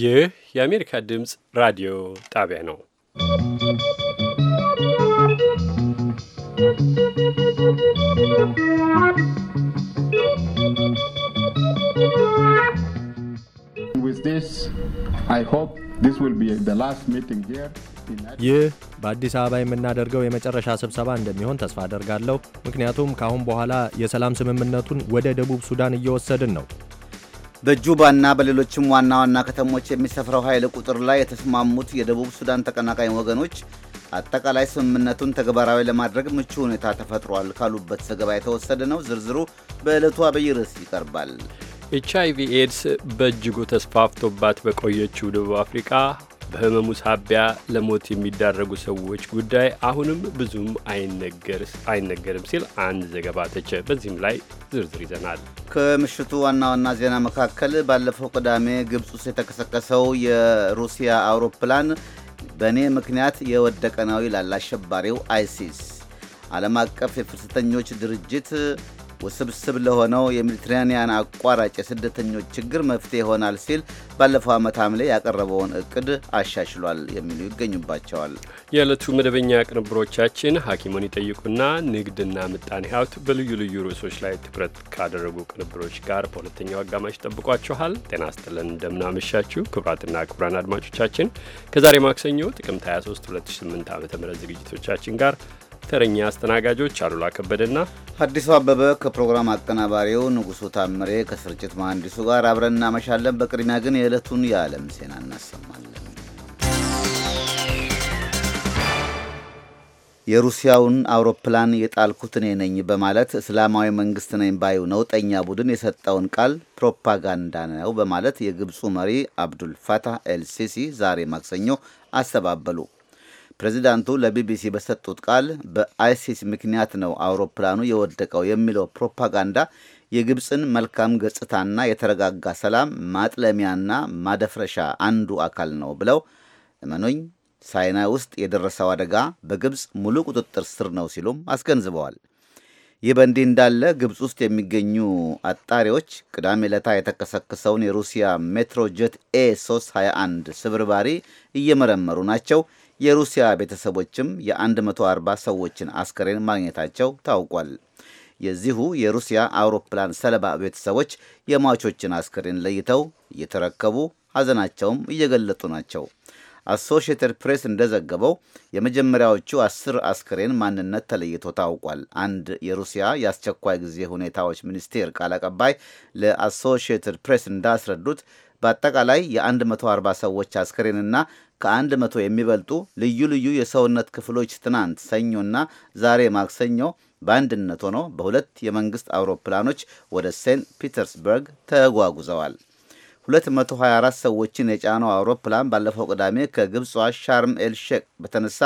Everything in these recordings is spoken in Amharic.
ይህ የአሜሪካ ድምፅ ራዲዮ ጣቢያ ነው። With this, I hope this will be the last meeting here. ይህ በአዲስ አበባ የምናደርገው የመጨረሻ ስብሰባ እንደሚሆን ተስፋ አደርጋለሁ። ምክንያቱም ከአሁን በኋላ የሰላም ስምምነቱን ወደ ደቡብ ሱዳን እየወሰድን ነው። በጁባና በሌሎችም ዋና ዋና ከተሞች የሚሰፍረው ኃይል ቁጥር ላይ የተስማሙት የደቡብ ሱዳን ተቀናቃኝ ወገኖች አጠቃላይ ስምምነቱን ተግባራዊ ለማድረግ ምቹ ሁኔታ ተፈጥሯል ካሉበት ዘገባ የተወሰደ ነው። ዝርዝሩ በዕለቱ አብይ ርዕስ ይቀርባል። ኤች አይቪ ኤድስ በእጅጉ ተስፋፍቶባት በቆየችው ደቡብ አፍሪቃ በህመሙ ሳቢያ ለሞት የሚዳረጉ ሰዎች ጉዳይ አሁንም ብዙም አይነገርም ሲል አንድ ዘገባ ተቸ። በዚህም ላይ ዝርዝር ይዘናል። ከምሽቱ ዋና ዋና ዜና መካከል ባለፈው ቅዳሜ ግብፅ ውስጥ የተከሰከሰው የሩሲያ አውሮፕላን በእኔ ምክንያት የወደቀ ነው ይላል አሸባሪው አይሲስ። ዓለም አቀፍ የፍልሰተኞች ድርጅት ውስብስብ ለሆነው የሜዲትራኒያን አቋራጭ የስደተኞች ችግር መፍትሄ ይሆናል ሲል ባለፈው ዓመት ሐምሌ ያቀረበውን እቅድ አሻሽሏል የሚሉ ይገኙባቸዋል። የዕለቱ መደበኛ ቅንብሮቻችን ሐኪሙን ይጠይቁና ንግድና ምጣኔ ሀብት በልዩ ልዩ ርዕሶች ላይ ትኩረት ካደረጉ ቅንብሮች ጋር በሁለተኛው አጋማሽ ጠብቋችኋል። ጤና ስጥልን እንደምናመሻችሁ ክቡራትና ክቡራን አድማጮቻችን ከዛሬ ማክሰኞ ጥቅምት 23 2008 ዓ ም ዝግጅቶቻችን ጋር ተረኛ አስተናጋጆች አሉላ ከበደና አዲሱ አበበ ከፕሮግራም አቀናባሪው ንጉሱ ታምሬ ከስርጭት መሐንዲሱ ጋር አብረን እናመሻለን። በቅድሚያ ግን የዕለቱን የዓለም ዜና እናሰማለን። የሩሲያውን አውሮፕላን የጣልኩት እኔ ነኝ በማለት እስላማዊ መንግስት ነኝ ባዩ ነውጠኛ ቡድን የሰጠውን ቃል ፕሮፓጋንዳ ነው በማለት የግብፁ መሪ አብዱል ኤልሲሲ ዛሬ ማክሰኞ አስተባበሉ። ፕሬዚዳንቱ ለቢቢሲ በሰጡት ቃል በአይሲስ ምክንያት ነው አውሮፕላኑ የወደቀው የሚለው ፕሮፓጋንዳ የግብፅን መልካም ገጽታና የተረጋጋ ሰላም ማጥለሚያና ማደፍረሻ አንዱ አካል ነው ብለው እመኑኝ፣ ሳይናይ ውስጥ የደረሰው አደጋ በግብፅ ሙሉ ቁጥጥር ስር ነው ሲሉም አስገንዝበዋል። ይህ በእንዲህ እንዳለ ግብፅ ውስጥ የሚገኙ አጣሪዎች ቅዳሜ ዕለታ የተከሰከሰውን የሩሲያ ሜትሮጀት ኤ321 ስብርባሪ እየመረመሩ ናቸው። የሩሲያ ቤተሰቦችም የ140 ሰዎችን አስከሬን ማግኘታቸው ታውቋል። የዚሁ የሩሲያ አውሮፕላን ሰለባ ቤተሰቦች የሟቾችን አስከሬን ለይተው እየተረከቡ ሐዘናቸውም እየገለጡ ናቸው። አሶሽየትድ ፕሬስ እንደዘገበው የመጀመሪያዎቹ አስር አስክሬን ማንነት ተለይቶ ታውቋል። አንድ የሩሲያ የአስቸኳይ ጊዜ ሁኔታዎች ሚኒስቴር ቃል አቀባይ ለአሶሽትድ ፕሬስ እንዳስረዱት በአጠቃላይ የ140 ሰዎች አስክሬንና ከአንድ መቶ የሚበልጡ ልዩ ልዩ የሰውነት ክፍሎች ትናንት ሰኞና ዛሬ ማክሰኞ በአንድነት ሆነው በሁለት የመንግስት አውሮፕላኖች ወደ ሴንት ፒተርስበርግ ተጓጉዘዋል። 224 ሰዎችን የጫነው አውሮፕላን ባለፈው ቅዳሜ ከግብጿ ሻርም ኤል ሼክ በተነሳ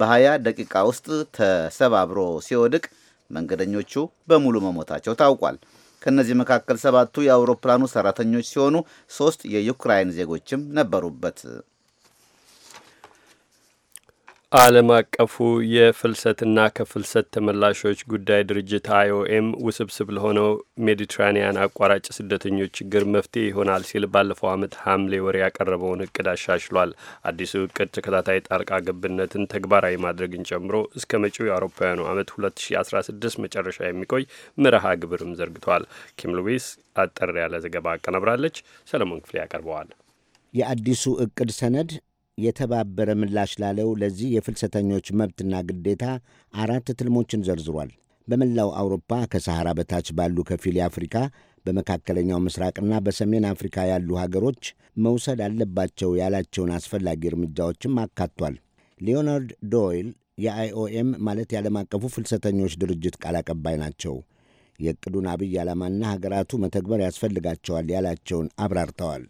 በ20 ደቂቃ ውስጥ ተሰባብሮ ሲወድቅ መንገደኞቹ በሙሉ መሞታቸው ታውቋል። ከእነዚህ መካከል ሰባቱ የአውሮፕላኑ ሰራተኞች ሲሆኑ ሶስት የዩክራይን ዜጎችም ነበሩበት። ዓለም አቀፉ የፍልሰትና ከፍልሰት ተመላሾች ጉዳይ ድርጅት አይኦኤም ውስብስብ ለሆነው ሜዲትራኒያን አቋራጭ ስደተኞች ችግር መፍትሄ ይሆናል ሲል ባለፈው ዓመት ሐምሌ ወር ያቀረበውን እቅድ አሻሽሏል። አዲሱ እቅድ ተከታታይ ጣልቃ ገብነትን ተግባራዊ ማድረግን ጨምሮ እስከ መጪው የአውሮፓውያኑ ዓመት 2016 መጨረሻ የሚቆይ መርሃ ግብርም ዘርግቷል። ኪም ሉዊስ አጠር ያለ ዘገባ አቀናብራለች። ሰለሞን ክፍሌ ያቀርበዋል። የአዲሱ እቅድ ሰነድ የተባበረ ምላሽ ላለው ለዚህ የፍልሰተኞች መብትና ግዴታ አራት ትልሞችን ዘርዝሯል። በመላው አውሮፓ ከሰሐራ በታች ባሉ ከፊል የአፍሪካ በመካከለኛው ምስራቅና በሰሜን አፍሪካ ያሉ ሀገሮች መውሰድ አለባቸው ያላቸውን አስፈላጊ እርምጃዎችም አካቷል። ሊዮናርድ ዶይል የአይኦኤም ማለት የዓለም አቀፉ ፍልሰተኞች ድርጅት ቃል አቀባይ ናቸው። የእቅዱን አብይ ዓላማና ሀገራቱ መተግበር ያስፈልጋቸዋል ያላቸውን አብራርተዋል።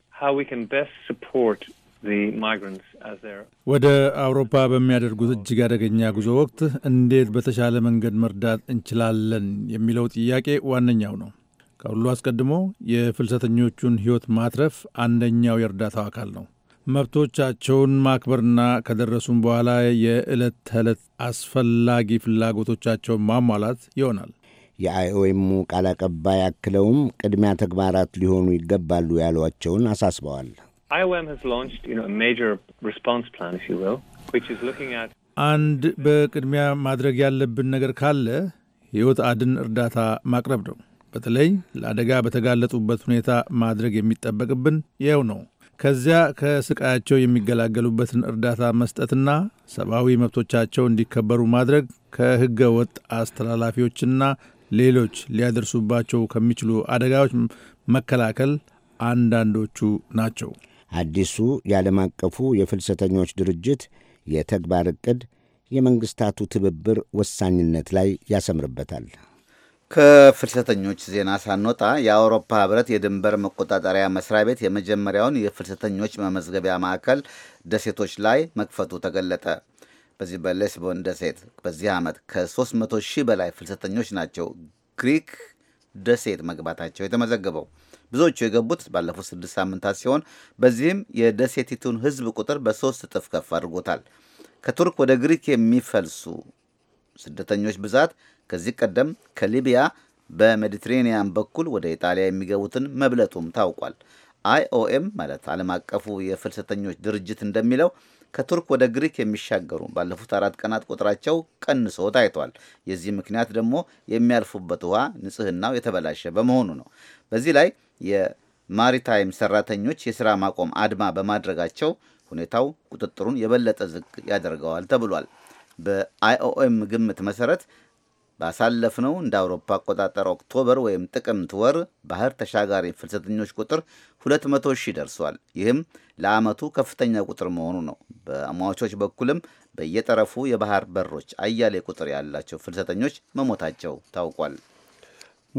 ወደ አውሮፓ በሚያደርጉት እጅግ አደገኛ ጉዞ ወቅት እንዴት በተሻለ መንገድ መርዳት እንችላለን የሚለው ጥያቄ ዋነኛው ነው። ከሁሉ አስቀድሞ የፍልሰተኞቹን ሕይወት ማትረፍ አንደኛው የእርዳታው አካል ነው። መብቶቻቸውን ማክበርና ከደረሱም በኋላ የዕለት ተዕለት አስፈላጊ ፍላጎቶቻቸውን ማሟላት ይሆናል። የአይኦኤሙ ቃል አቀባይ አክለውም ቅድሚያ ተግባራት ሊሆኑ ይገባሉ ያሏቸውን አሳስበዋል። IOM has launched you know a major response plan if you will which is looking at አንድ በቅድሚያ ማድረግ ያለብን ነገር ካለ ሕይወት አድን እርዳታ ማቅረብ ነው። በተለይ ለአደጋ በተጋለጡበት ሁኔታ ማድረግ የሚጠበቅብን ይኸው ነው። ከዚያ ከስቃያቸው የሚገላገሉበትን እርዳታ መስጠትና ሰብአዊ መብቶቻቸው እንዲከበሩ ማድረግ ከሕገ ወጥ አስተላላፊዎችና ሌሎች ሊያደርሱባቸው ከሚችሉ አደጋዎች መከላከል አንዳንዶቹ ናቸው። አዲሱ የዓለም አቀፉ የፍልሰተኞች ድርጅት የተግባር ዕቅድ የመንግሥታቱ ትብብር ወሳኝነት ላይ ያሰምርበታል። ከፍልሰተኞች ዜና ሳንወጣ የአውሮፓ ህብረት የድንበር መቆጣጠሪያ መስሪያ ቤት የመጀመሪያውን የፍልሰተኞች መመዝገቢያ ማዕከል ደሴቶች ላይ መክፈቱ ተገለጠ። በዚህ በሌስቦን ደሴት በዚህ ዓመት ከ300 ሺህ በላይ ፍልሰተኞች ናቸው ግሪክ ደሴት መግባታቸው የተመዘገበው። ብዙዎቹ የገቡት ባለፉት ስድስት ሳምንታት ሲሆን በዚህም የደሴቲቱን ህዝብ ቁጥር በሶስት እጥፍ ከፍ አድርጎታል። ከቱርክ ወደ ግሪክ የሚፈልሱ ስደተኞች ብዛት ከዚህ ቀደም ከሊቢያ በሜዲትሬኒያን በኩል ወደ ኢጣሊያ የሚገቡትን መብለጡም ታውቋል። አይኦኤም ማለት ዓለም አቀፉ የፍልሰተኞች ድርጅት እንደሚለው ከቱርክ ወደ ግሪክ የሚሻገሩ ባለፉት አራት ቀናት ቁጥራቸው ቀንሶ ታይቷል። የዚህ ምክንያት ደግሞ የሚያልፉበት ውሃ ንጽህናው የተበላሸ በመሆኑ ነው። በዚህ ላይ የማሪታይም ሰራተኞች የስራ ማቆም አድማ በማድረጋቸው ሁኔታው ቁጥጥሩን የበለጠ ዝግ ያደርገዋል ተብሏል። በአይኦኤም ግምት መሰረት ባሳለፍነው እንደ አውሮፓ አቆጣጠር ኦክቶበር ወይም ጥቅምት ወር ባህር ተሻጋሪ ፍልሰተኞች ቁጥር 200 ሺህ ደርሷል። ይህም ለዓመቱ ከፍተኛ ቁጥር መሆኑ ነው። በሟቾች በኩልም በየጠረፉ የባህር በሮች አያሌ ቁጥር ያላቸው ፍልሰተኞች መሞታቸው ታውቋል።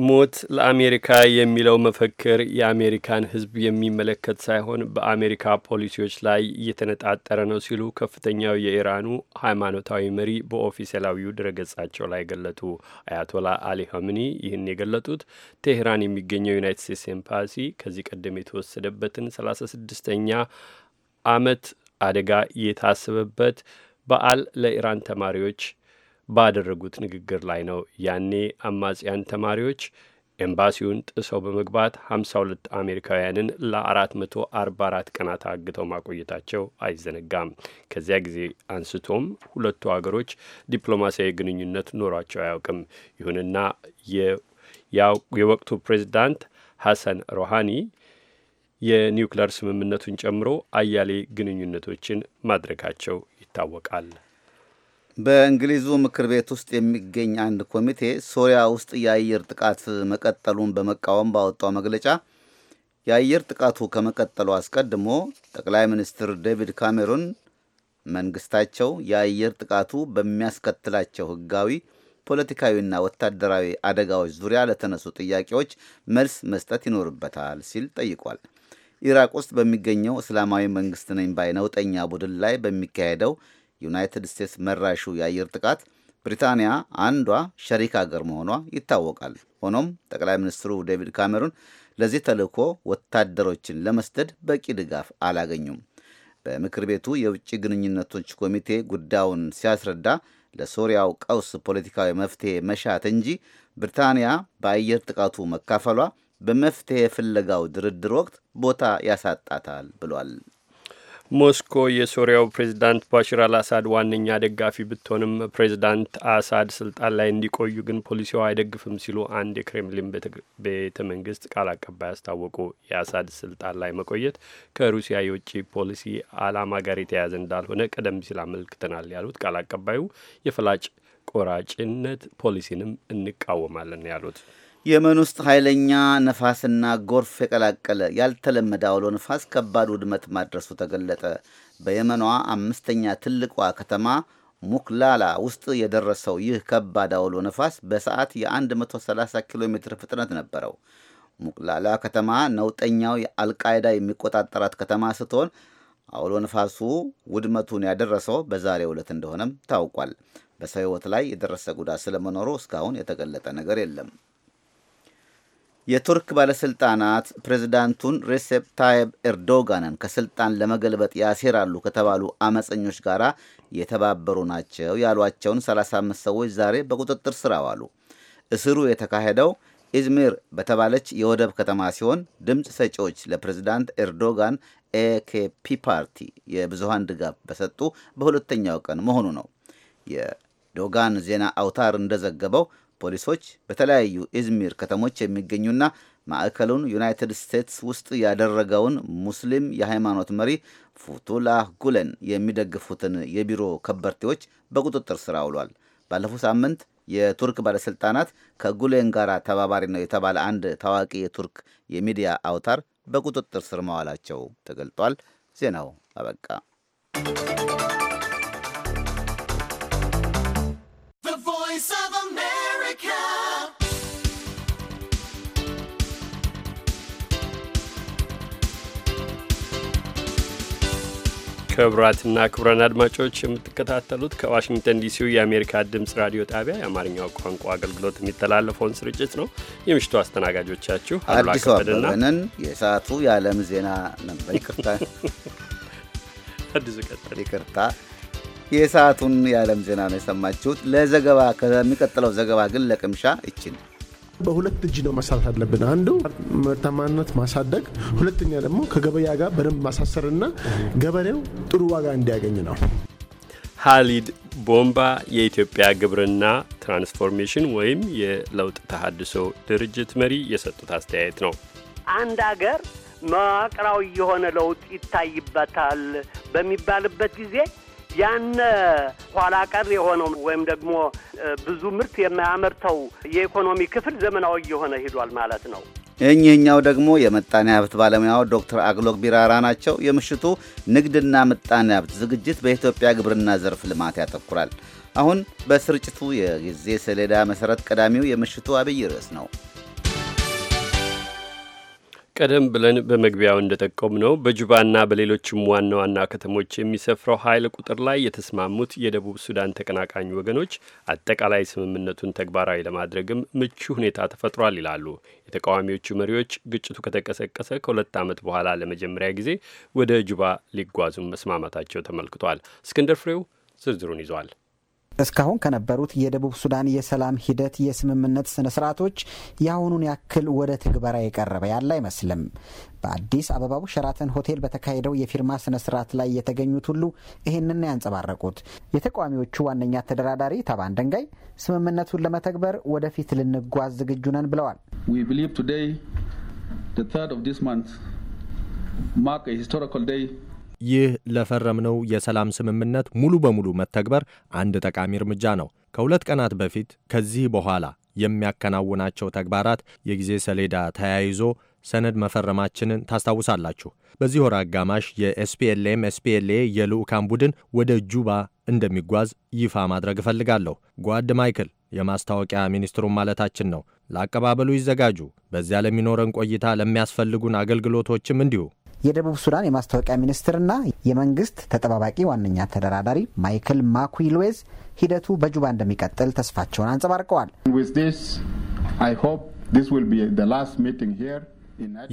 ሞት ለአሜሪካ የሚለው መፈክር የአሜሪካን ሕዝብ የሚመለከት ሳይሆን በአሜሪካ ፖሊሲዎች ላይ እየተነጣጠረ ነው ሲሉ ከፍተኛው የኢራኑ ሃይማኖታዊ መሪ በኦፊሴላዊው ድረገጻቸው ላይ ገለጡ። አያቶላ አሊ ሀምኒ ይህን የገለጡት ቴህራን የሚገኘው ዩናይትድ ስቴትስ ኤምባሲ ከዚህ ቀደም የተወሰደበትን ሰላሳ ስድስተኛ አመት አደጋ የታሰበበት በዓል ለኢራን ተማሪዎች ባደረጉት ንግግር ላይ ነው። ያኔ አማጽያን ተማሪዎች ኤምባሲውን ጥሰው በመግባት 52 አሜሪካውያንን ለ444 ቀናት አግተው ማቆየታቸው አይዘነጋም። ከዚያ ጊዜ አንስቶም ሁለቱ አገሮች ዲፕሎማሲያዊ ግንኙነት ኖሯቸው አያውቅም። ይሁንና የወቅቱ ፕሬዚዳንት ሐሰን ሮሃኒ የኒውክሌር ስምምነቱን ጨምሮ አያሌ ግንኙነቶችን ማድረጋቸው ይታወቃል። በእንግሊዙ ምክር ቤት ውስጥ የሚገኝ አንድ ኮሚቴ ሶሪያ ውስጥ የአየር ጥቃት መቀጠሉን በመቃወም ባወጣው መግለጫ የአየር ጥቃቱ ከመቀጠሉ አስቀድሞ ጠቅላይ ሚኒስትር ዴቪድ ካሜሩን መንግስታቸው የአየር ጥቃቱ በሚያስከትላቸው ህጋዊ ፖለቲካዊና ወታደራዊ አደጋዎች ዙሪያ ለተነሱ ጥያቄዎች መልስ መስጠት ይኖርበታል ሲል ጠይቋል። ኢራቅ ውስጥ በሚገኘው እስላማዊ መንግስት ነኝ ባይ ነውጠኛ ቡድን ላይ በሚካሄደው ዩናይትድ ስቴትስ መራሹ የአየር ጥቃት ብሪታንያ አንዷ ሸሪክ አገር መሆኗ ይታወቃል። ሆኖም ጠቅላይ ሚኒስትሩ ዴቪድ ካሜሩን ለዚህ ተልእኮ ወታደሮችን ለመስደድ በቂ ድጋፍ አላገኙም። በምክር ቤቱ የውጭ ግንኙነቶች ኮሚቴ ጉዳዩን ሲያስረዳ ለሶሪያው ቀውስ ፖለቲካዊ መፍትሄ መሻት እንጂ ብሪታንያ በአየር ጥቃቱ መካፈሏ በመፍትሄ ፍለጋው ድርድር ወቅት ቦታ ያሳጣታል ብሏል። ሞስኮ የሶሪያው ፕሬዚዳንት ባሽር አልአሳድ ዋነኛ ደጋፊ ብትሆንም ፕሬዚዳንት አሳድ ስልጣን ላይ እንዲቆዩ ግን ፖሊሲው አይደግፍም ሲሉ አንድ የክሬምሊን ቤተ መንግስት ቃል አቀባይ አስታወቁ። የአሳድ ስልጣን ላይ መቆየት ከሩሲያ የውጭ ፖሊሲ አላማ ጋር የተያያዘ እንዳልሆነ ቀደም ሲል አመልክተናል ያሉት ቃል አቀባዩ የፈላጭ ቆራጭነት ፖሊሲንም እንቃወማለን ያሉት የመን ውስጥ ኃይለኛ ነፋስና ጎርፍ የቀላቀለ ያልተለመደ አውሎ ነፋስ ከባድ ውድመት ማድረሱ ተገለጠ። በየመኗ አምስተኛ ትልቋ ከተማ ሙክላላ ውስጥ የደረሰው ይህ ከባድ አውሎ ነፋስ በሰዓት የ130 ኪሎ ሜትር ፍጥነት ነበረው። ሙክላላ ከተማ ነውጠኛው የአልቃይዳ የሚቆጣጠራት ከተማ ስትሆን አውሎ ነፋሱ ውድመቱን ያደረሰው በዛሬው ዕለት እንደሆነም ታውቋል። በሰው ሕይወት ላይ የደረሰ ጉዳት ስለመኖሩ እስካሁን የተገለጠ ነገር የለም። የቱርክ ባለስልጣናት ፕሬዝዳንቱን ሬሴፕ ታይብ ኤርዶጋንን ከስልጣን ለመገልበጥ ያሴራሉ ከተባሉ አመፀኞች ጋር የተባበሩ ናቸው ያሏቸውን 35 ሰዎች ዛሬ በቁጥጥር ስር አዋሉ። እስሩ የተካሄደው ኢዝሚር በተባለች የወደብ ከተማ ሲሆን ድምፅ ሰጪዎች ለፕሬዝዳንት ኤርዶጋን ኤኬፒ ፓርቲ የብዙሃን ድጋፍ በሰጡ በሁለተኛው ቀን መሆኑ ነው። የዶጋን ዜና አውታር እንደዘገበው ፖሊሶች በተለያዩ ኢዝሚር ከተሞች የሚገኙና ማዕከሉን ዩናይትድ ስቴትስ ውስጥ ያደረገውን ሙስሊም የሃይማኖት መሪ ፉቱላህ ጉለን የሚደግፉትን የቢሮ ከበርቴዎች በቁጥጥር ስር አውሏል። ባለፈው ሳምንት የቱርክ ባለሥልጣናት ከጉሌን ጋር ተባባሪ ነው የተባለ አንድ ታዋቂ የቱርክ የሚዲያ አውታር በቁጥጥር ስር መዋላቸው ተገልጧል። ዜናው አበቃ። ክቡራትና ክቡራን አድማጮች የምትከታተሉት ከዋሽንግተን ዲሲው የአሜሪካ ድምፅ ራዲዮ ጣቢያ የአማርኛው ቋንቋ አገልግሎት የሚተላለፈውን ስርጭት ነው። የምሽቱ አስተናጋጆቻችሁ አሉላ ከበደና የሰዓቱ የዓለም ዜና ነበር። ይቅርታ አዲሱ ቀጥል። ይቅርታ የሰዓቱን የዓለም ዜና ነው የሰማችሁት። ለዘገባ ከሚቀጥለው ዘገባ ግን ለቅምሻ ይችን በሁለት እጅ ነው መስራት አለብን። አንዱ ምርታማነት ማሳደግ፣ ሁለተኛ ደግሞ ከገበያ ጋር በደንብ ማሳሰርና ገበሬው ጥሩ ዋጋ እንዲያገኝ ነው። ሀሊድ ቦምባ የኢትዮጵያ ግብርና ትራንስፎርሜሽን ወይም የለውጥ ተሃድሶ ድርጅት መሪ የሰጡት አስተያየት ነው። አንድ አገር መዋቅራዊ የሆነ ለውጥ ይታይበታል በሚባልበት ጊዜ ያነ ኋላ ቀር የሆነው ወይም ደግሞ ብዙ ምርት የማያመርተው የኢኮኖሚ ክፍል ዘመናዊ እየሆነ ሂዷል ማለት ነው። እኚህኛው ደግሞ የምጣኔ ሀብት ባለሙያው ዶክተር አግሎግ ቢራራ ናቸው። የምሽቱ ንግድና ምጣኔ ሀብት ዝግጅት በኢትዮጵያ ግብርና ዘርፍ ልማት ያተኩራል። አሁን በስርጭቱ የጊዜ ሰሌዳ መሰረት ቀዳሚው የምሽቱ አብይ ርዕስ ነው። ቀደም ብለን በመግቢያው እንደጠቆም ነው በጁባና በሌሎችም ዋና ዋና ከተሞች የሚሰፍረው ኃይል ቁጥር ላይ የተስማሙት የደቡብ ሱዳን ተቀናቃኝ ወገኖች አጠቃላይ ስምምነቱን ተግባራዊ ለማድረግም ምቹ ሁኔታ ተፈጥሯል ይላሉ የተቃዋሚዎቹ መሪዎች። ግጭቱ ከተቀሰቀሰ ከሁለት ዓመት በኋላ ለመጀመሪያ ጊዜ ወደ ጁባ ሊጓዙም መስማማታቸው ተመልክቷል። እስክንድር ፍሬው ዝርዝሩን ይዟል። እስካሁን ከነበሩት የደቡብ ሱዳን የሰላም ሂደት የስምምነት ስነ ስርዓቶች የአሁኑን ያክል ወደ ትግበራ የቀረበ ያለ አይመስልም። በአዲስ አበባው ሸራተን ሆቴል በተካሄደው የፊርማ ስነ ስርዓት ላይ የተገኙት ሁሉ ይህንን ያንጸባረቁት የተቃዋሚዎቹ ዋነኛ ተደራዳሪ ታባን ደንጋይ ስምምነቱን ለመተግበር ወደፊት ልንጓዝ ዝግጁ ነን ብለዋል። ዊ ይህ ለፈረምነው የሰላም ስምምነት ሙሉ በሙሉ መተግበር አንድ ጠቃሚ እርምጃ ነው። ከሁለት ቀናት በፊት ከዚህ በኋላ የሚያከናውናቸው ተግባራት የጊዜ ሰሌዳ ተያይዞ ሰነድ መፈረማችንን ታስታውሳላችሁ። በዚህ ወር አጋማሽ የኤስፒኤልኤም ኤስፒኤልኤ የልዑካን ቡድን ወደ ጁባ እንደሚጓዝ ይፋ ማድረግ እፈልጋለሁ። ጓድ ማይክል የማስታወቂያ ሚኒስትሩን ማለታችን ነው። ለአቀባበሉ ይዘጋጁ። በዚያ ለሚኖረን ቆይታ ለሚያስፈልጉን አገልግሎቶችም እንዲሁ የደቡብ ሱዳን የማስታወቂያ ሚኒስትርና የመንግስት ተጠባባቂ ዋነኛ ተደራዳሪ ማይክል ማኩልዌዝ ሂደቱ በጁባ እንደሚቀጥል ተስፋቸውን አንጸባርቀዋል።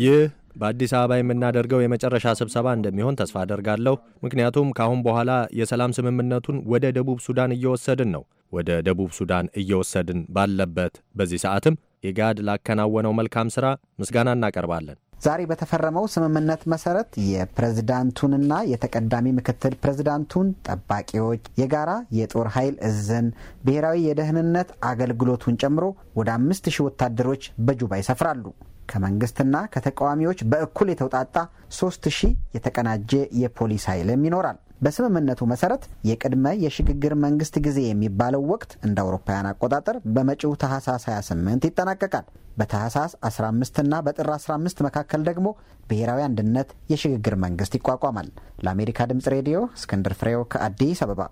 ይህ በአዲስ አበባ የምናደርገው የመጨረሻ ስብሰባ እንደሚሆን ተስፋ አደርጋለሁ። ምክንያቱም ከአሁን በኋላ የሰላም ስምምነቱን ወደ ደቡብ ሱዳን እየወሰድን ነው። ወደ ደቡብ ሱዳን እየወሰድን ባለበት በዚህ ሰዓትም ኢጋድ ላከናወነው መልካም ሥራ ምስጋና እናቀርባለን። ዛሬ በተፈረመው ስምምነት መሰረት የፕሬዝዳንቱንና የተቀዳሚ ምክትል ፕሬዝዳንቱን ጠባቂዎች፣ የጋራ የጦር ኃይል እዝን፣ ብሔራዊ የደህንነት አገልግሎቱን ጨምሮ ወደ አምስት ሺህ ወታደሮች በጁባ ይሰፍራሉ። ከመንግስትና ከተቃዋሚዎች በእኩል የተውጣጣ ሶስት ሺህ የተቀናጀ የፖሊስ ኃይልም ይኖራል። በስምምነቱ መሰረት የቅድመ የሽግግር መንግስት ጊዜ የሚባለው ወቅት እንደ አውሮፓውያን አቆጣጠር በመጪው ታህሳስ 28 ይጠናቀቃል። በታህሳስ 15ና በጥር 15 መካከል ደግሞ ብሔራዊ አንድነት የሽግግር መንግስት ይቋቋማል። ለአሜሪካ ድምፅ ሬዲዮ እስክንድር ፍሬው ከአዲስ አበባ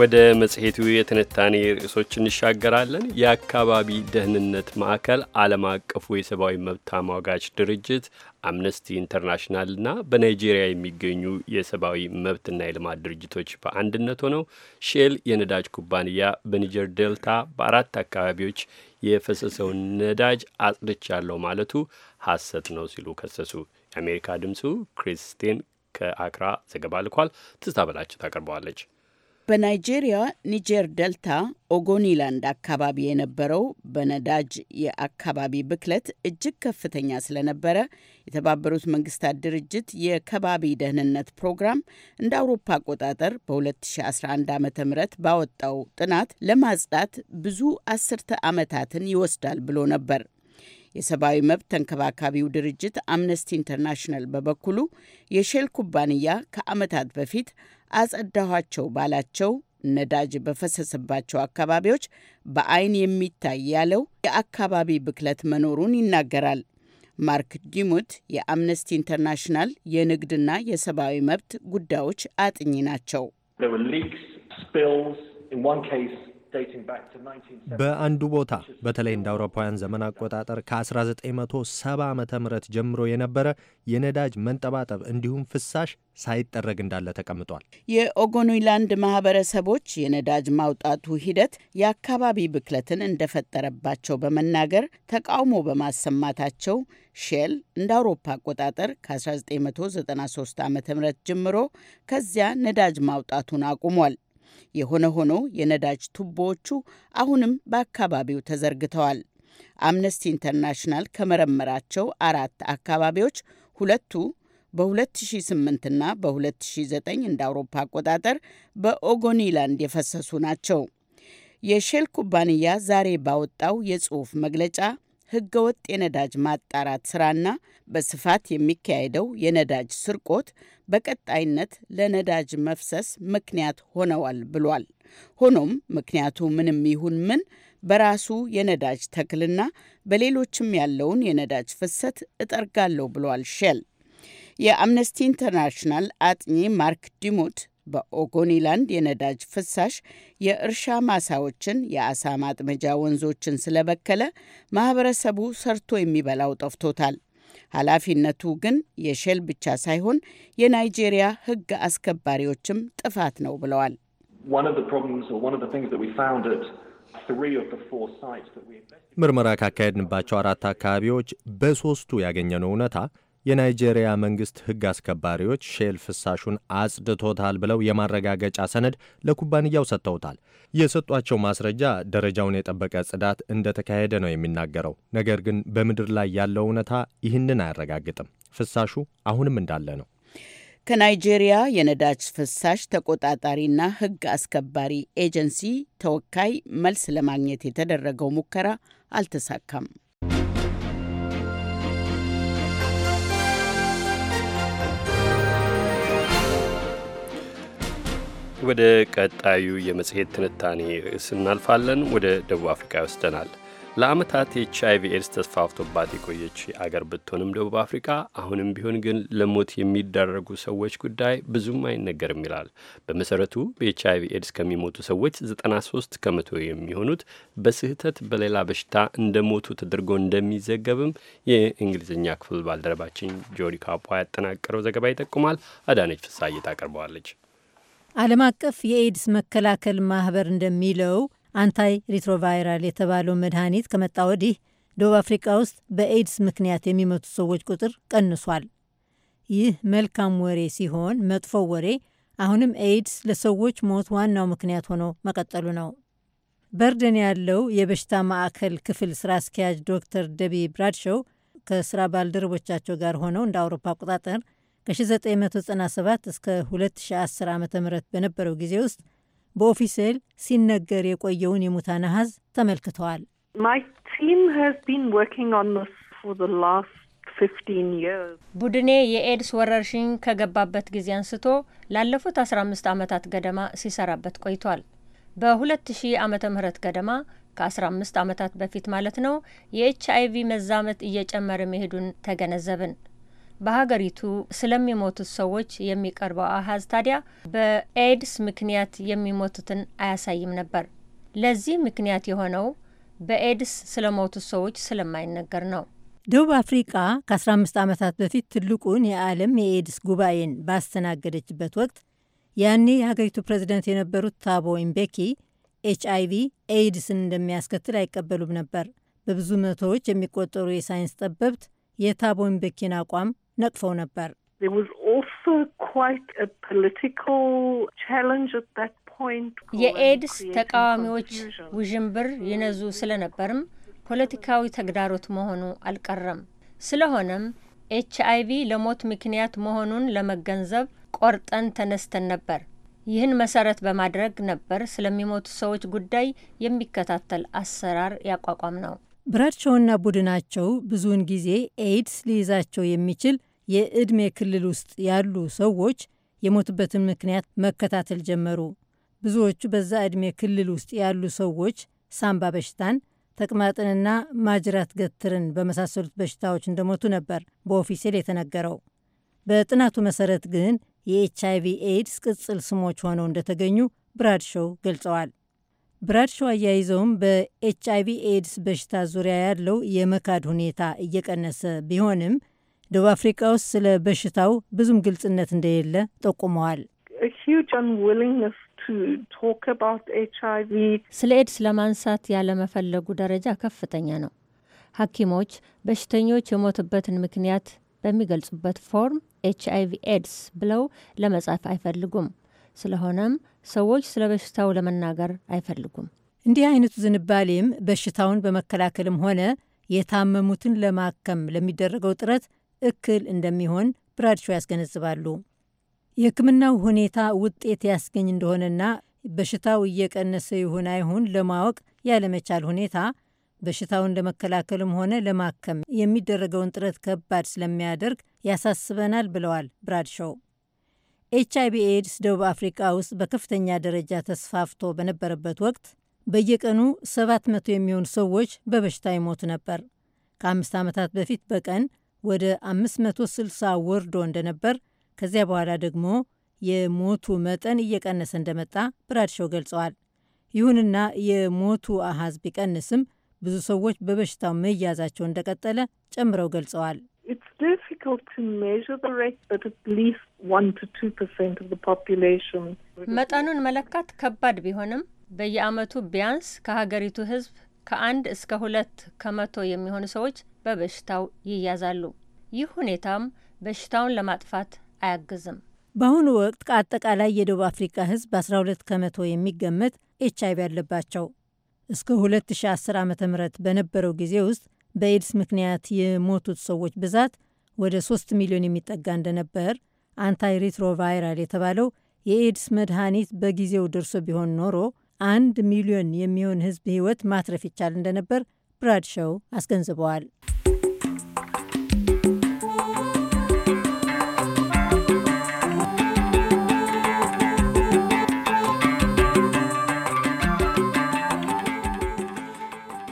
ወደ መጽሔቱ የትንታኔ ርዕሶች እንሻገራለን። የአካባቢ ደህንነት ማዕከል ዓለም አቀፉ የሰብአዊ መብት ተሟጋች ድርጅት አምነስቲ ኢንተርናሽናልና በናይጄሪያ የሚገኙ የሰብአዊ መብትና የልማት ድርጅቶች በአንድነት ሆነው ሼል የነዳጅ ኩባንያ በኒጀር ዴልታ በአራት አካባቢዎች የፈሰሰውን ነዳጅ አጽድቻለሁ ማለቱ ሐሰት ነው ሲሉ ከሰሱ። የአሜሪካ ድምፁ ክሪስቲን ከአክራ ዘገባ ልኳል። ትዝታ በላቸው ታቀርበዋለች። በናይጄሪያ ኒጀር ደልታ ኦጎኒላንድ አካባቢ የነበረው በነዳጅ የአካባቢ ብክለት እጅግ ከፍተኛ ስለነበረ የተባበሩት መንግስታት ድርጅት የከባቢ ደህንነት ፕሮግራም እንደ አውሮፓ አቆጣጠር በ2011 ዓ ም ባወጣው ጥናት ለማጽዳት ብዙ አስርተ ዓመታትን ይወስዳል ብሎ ነበር። የሰብአዊ መብት ተንከባካቢው ድርጅት አምነስቲ ኢንተርናሽናል በበኩሉ የሼል ኩባንያ ከዓመታት በፊት አጸዳኋቸው ባላቸው ነዳጅ በፈሰሰባቸው አካባቢዎች በአይን የሚታይ ያለው የአካባቢ ብክለት መኖሩን ይናገራል። ማርክ ዲሙት የአምነስቲ ኢንተርናሽናል የንግድና የሰብአዊ መብት ጉዳዮች አጥኚ ናቸው። በአንዱ ቦታ በተለይ እንደ አውሮፓውያን ዘመን አቆጣጠር ከ1970 ዓ ም ጀምሮ የነበረ የነዳጅ መንጠባጠብ እንዲሁም ፍሳሽ ሳይጠረግ እንዳለ ተቀምጧል። የኦጎኒላንድ ማህበረሰቦች የነዳጅ ማውጣቱ ሂደት የአካባቢ ብክለትን እንደፈጠረባቸው በመናገር ተቃውሞ በማሰማታቸው ሼል እንደ አውሮፓ አቆጣጠር ከ1993 ዓ ም ጀምሮ ከዚያ ነዳጅ ማውጣቱን አቁሟል። የሆነ ሆኖ የነዳጅ ቱቦዎቹ አሁንም በአካባቢው ተዘርግተዋል። አምነስቲ ኢንተርናሽናል ከመረመራቸው አራት አካባቢዎች ሁለቱ በ2008 እና በ2009 እንደ አውሮፓ አቆጣጠር በኦጎኒላንድ የፈሰሱ ናቸው። የሼል ኩባንያ ዛሬ ባወጣው የጽሑፍ መግለጫ ህገወጥ የነዳጅ ማጣራት ስራና በስፋት የሚካሄደው የነዳጅ ስርቆት በቀጣይነት ለነዳጅ መፍሰስ ምክንያት ሆነዋል ብሏል። ሆኖም ምክንያቱ ምንም ይሁን ምን በራሱ የነዳጅ ተክልና በሌሎችም ያለውን የነዳጅ ፍሰት እጠርጋለሁ ብሏል ሼል። የአምነስቲ ኢንተርናሽናል አጥኚ ማርክ ዲሙት በኦጎኒላንድ የነዳጅ ፍሳሽ የእርሻ ማሳዎችን፣ የአሳ ማጥመጃ ወንዞችን ስለበከለ ማህበረሰቡ ሰርቶ የሚበላው ጠፍቶታል። ኃላፊነቱ ግን የሼል ብቻ ሳይሆን የናይጄሪያ ሕግ አስከባሪዎችም ጥፋት ነው ብለዋል። ምርመራ ካካሄድንባቸው አራት አካባቢዎች በሶስቱ ያገኘነው እውነታ የናይጄሪያ መንግሥት ሕግ አስከባሪዎች ሼል ፍሳሹን አጽድቶታል ብለው የማረጋገጫ ሰነድ ለኩባንያው ሰጥተውታል። የሰጧቸው ማስረጃ ደረጃውን የጠበቀ ጽዳት እንደተካሄደ ነው የሚናገረው። ነገር ግን በምድር ላይ ያለው እውነታ ይህንን አያረጋግጥም። ፍሳሹ አሁንም እንዳለ ነው። ከናይጄሪያ የነዳጅ ፍሳሽ ተቆጣጣሪና ሕግ አስከባሪ ኤጀንሲ ተወካይ መልስ ለማግኘት የተደረገው ሙከራ አልተሳካም። ወደ ቀጣዩ የመጽሔት ትንታኔ ርዕስ እናልፋለን። ወደ ደቡብ አፍሪካ ይወስደናል። ለአመታት ኤች አይቪ ኤድስ ተስፋፍቶባት የቆየች አገር ብትሆንም ደቡብ አፍሪካ አሁንም ቢሆን ግን ለሞት የሚዳረጉ ሰዎች ጉዳይ ብዙም አይነገርም ይላል። በመሰረቱ በኤች አይቪ ኤድስ ከሚሞቱ ሰዎች 93 ከመቶ የሚሆኑት በስህተት በሌላ በሽታ እንደሞቱ ተደርጎ እንደሚዘገብም የእንግሊዝኛ ክፍል ባልደረባችን ጆዲ ካፖ ያጠናቀረው ዘገባ ይጠቁማል። አዳነች ፍሳዬ ታቀርበዋለች። ዓለም አቀፍ የኤድስ መከላከል ማህበር እንደሚለው አንታይ ሪትሮቫይራል የተባለው መድኃኒት ከመጣ ወዲህ ደቡብ አፍሪካ ውስጥ በኤድስ ምክንያት የሚሞቱ ሰዎች ቁጥር ቀንሷል። ይህ መልካም ወሬ ሲሆን፣ መጥፎው ወሬ አሁንም ኤድስ ለሰዎች ሞት ዋናው ምክንያት ሆኖ መቀጠሉ ነው። በርደን ያለው የበሽታ ማዕከል ክፍል ስራ አስኪያጅ ዶክተር ደቢ ብራድሾው ከስራ ባልደረቦቻቸው ጋር ሆነው እንደ አውሮፓ አቆጣጠር ከ1997 እስከ 2010 ዓ ም በነበረው ጊዜ ውስጥ በኦፊሴል ሲነገር የቆየውን የሙታን አሃዝ ተመልክተዋል። ቡድኔ የኤድስ ወረርሽኝ ከገባበት ጊዜ አንስቶ ላለፉት 15 ዓመታት ገደማ ሲሰራበት ቆይቷል። በ2000 ዓመተ ምህረት ገደማ ከ15 ዓመታት በፊት ማለት ነው፣ የኤች አይቪ መዛመት እየጨመረ መሄዱን ተገነዘብን። በሀገሪቱ ስለሚሞቱት ሰዎች የሚቀርበው አሀዝ ታዲያ በኤድስ ምክንያት የሚሞቱትን አያሳይም ነበር። ለዚህ ምክንያት የሆነው በኤድስ ስለሞቱት ሰዎች ስለማይነገር ነው። ደቡብ አፍሪቃ ከ15 ዓመታት በፊት ትልቁን የዓለም የኤድስ ጉባኤን ባስተናገደችበት ወቅት ያኔ የሀገሪቱ ፕሬዚደንት የነበሩት ታቦ ኢምቤኪ ኤች አይቪ ኤድስን እንደሚያስከትል አይቀበሉም ነበር። በብዙ መቶዎች የሚቆጠሩ የሳይንስ ጠበብት የታቦ ኢምቤኪን አቋም ነቅፈው ነበር። የኤድስ ተቃዋሚዎች ውዥንብር ይነዙ ስለነበርም ፖለቲካዊ ተግዳሮት መሆኑ አልቀረም። ስለሆነም ኤች አይቪ ቪ ለሞት ምክንያት መሆኑን ለመገንዘብ ቆርጠን ተነስተን ነበር። ይህን መሰረት በማድረግ ነበር ስለሚሞቱ ሰዎች ጉዳይ የሚከታተል አሰራር ያቋቋም ነው። ብራድሾውና ቡድናቸው ብዙውን ጊዜ ኤድስ ሊይዛቸው የሚችል የዕድሜ ክልል ውስጥ ያሉ ሰዎች የሞቱበትን ምክንያት መከታተል ጀመሩ። ብዙዎቹ በዛ ዕድሜ ክልል ውስጥ ያሉ ሰዎች ሳምባ በሽታን፣ ተቅማጥንና ማጅራት ገትርን በመሳሰሉት በሽታዎች እንደሞቱ ነበር በኦፊሴል የተነገረው። በጥናቱ መሰረት ግን የኤች አይቪ ኤድስ ቅጽል ስሞች ሆነው እንደተገኙ ብራድሾው ገልጸዋል። ብራድሾ አያይዘውም በኤች አይቪ ኤድስ በሽታ ዙሪያ ያለው የመካድ ሁኔታ እየቀነሰ ቢሆንም ደቡብ አፍሪካ ውስጥ ስለ በሽታው ብዙም ግልጽነት እንደሌለ ጠቁመዋል። ስለ ኤድስ ለማንሳት ያለመፈለጉ ደረጃ ከፍተኛ ነው። ሐኪሞች በሽተኞች የሞትበትን ምክንያት በሚገልጹበት ፎርም ኤች አይቪ ኤድስ ብለው ለመጻፍ አይፈልጉም። ስለሆነም ሰዎች ስለ በሽታው ለመናገር አይፈልጉም። እንዲህ አይነቱ ዝንባሌም በሽታውን በመከላከልም ሆነ የታመሙትን ለማከም ለሚደረገው ጥረት እክል እንደሚሆን ብራድሾ ያስገነዝባሉ። የሕክምናው ሁኔታ ውጤት ያስገኝ እንደሆነና በሽታው እየቀነሰ ይሁን አይሁን ለማወቅ ያለመቻል ሁኔታ በሽታውን ለመከላከልም ሆነ ለማከም የሚደረገውን ጥረት ከባድ ስለሚያደርግ ያሳስበናል ብለዋል ብራድሾው። ኤች አይቪ ኤድስ ደቡብ አፍሪካ ውስጥ በከፍተኛ ደረጃ ተስፋፍቶ በነበረበት ወቅት በየቀኑ 700 የሚሆኑ ሰዎች በበሽታ ይሞቱ ነበር። ከአምስት ዓመታት በፊት በቀን ወደ 560 ወርዶ እንደነበር፣ ከዚያ በኋላ ደግሞ የሞቱ መጠን እየቀነሰ እንደመጣ ብራድሾው ገልጸዋል። ይሁንና የሞቱ አሃዝ ቢቀንስም ብዙ ሰዎች በበሽታው መያዛቸው እንደቀጠለ ጨምረው ገልጸዋል። It's difficult to measure the rate, but at least one to two percent of the population. መጠኑን መለካት ከባድ ቢሆንም በየአመቱ ቢያንስ ከሀገሪቱ ህዝብ ከአንድ እስከ ሁለት ከመቶ የሚሆኑ ሰዎች በበሽታው ይያዛሉ። ይህ ሁኔታም በሽታውን ለማጥፋት አያግዝም። በአሁኑ ወቅት ከአጠቃላይ የደቡብ አፍሪካ ህዝብ በ12 ከመቶ የሚገመት ኤች አይቪ አለባቸው። እስከ 2010 ዓ ም በነበረው ጊዜ ውስጥ በኤድስ ምክንያት የሞቱት ሰዎች ብዛት ወደ 3 ሚሊዮን የሚጠጋ እንደነበር አንታይ ሪትሮቫይራል የተባለው የኤድስ መድኃኒት በጊዜው ደርሶ ቢሆን ኖሮ አንድ ሚሊዮን የሚሆን ሕዝብ ሕይወት ማትረፍ ይቻል እንደነበር ብራድሸው አስገንዝበዋል።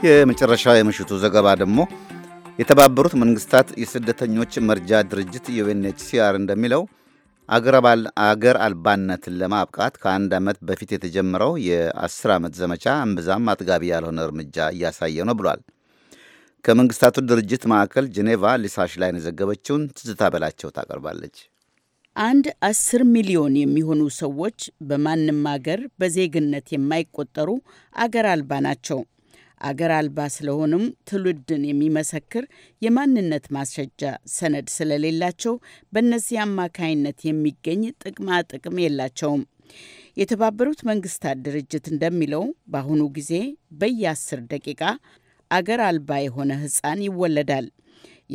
የመጨረሻው የምሽቱ ዘገባ ደግሞ የተባበሩት መንግስታት የስደተኞች መርጃ ድርጅት ዩኤንኤችሲአር እንደሚለው አገር አልባነትን ለማብቃት ከአንድ ዓመት በፊት የተጀመረው የአስር ዓመት ዘመቻ እምብዛም አጥጋቢ ያልሆነ እርምጃ እያሳየ ነው ብሏል። ከመንግስታቱ ድርጅት ማዕከል ጄኔቫ ሊሳሽ ላይን የዘገበችውን ትዝታ በላቸው ታቀርባለች። አንድ አስር ሚሊዮን የሚሆኑ ሰዎች በማንም አገር በዜግነት የማይቆጠሩ አገር አልባ ናቸው። አገር አልባ ስለሆኑም ትውልድን የሚመሰክር የማንነት ማስረጃ ሰነድ ስለሌላቸው በእነዚህ አማካይነት የሚገኝ ጥቅማ ጥቅም የላቸውም። የተባበሩት መንግስታት ድርጅት እንደሚለው በአሁኑ ጊዜ በየአስር ደቂቃ አገር አልባ የሆነ ህፃን ይወለዳል።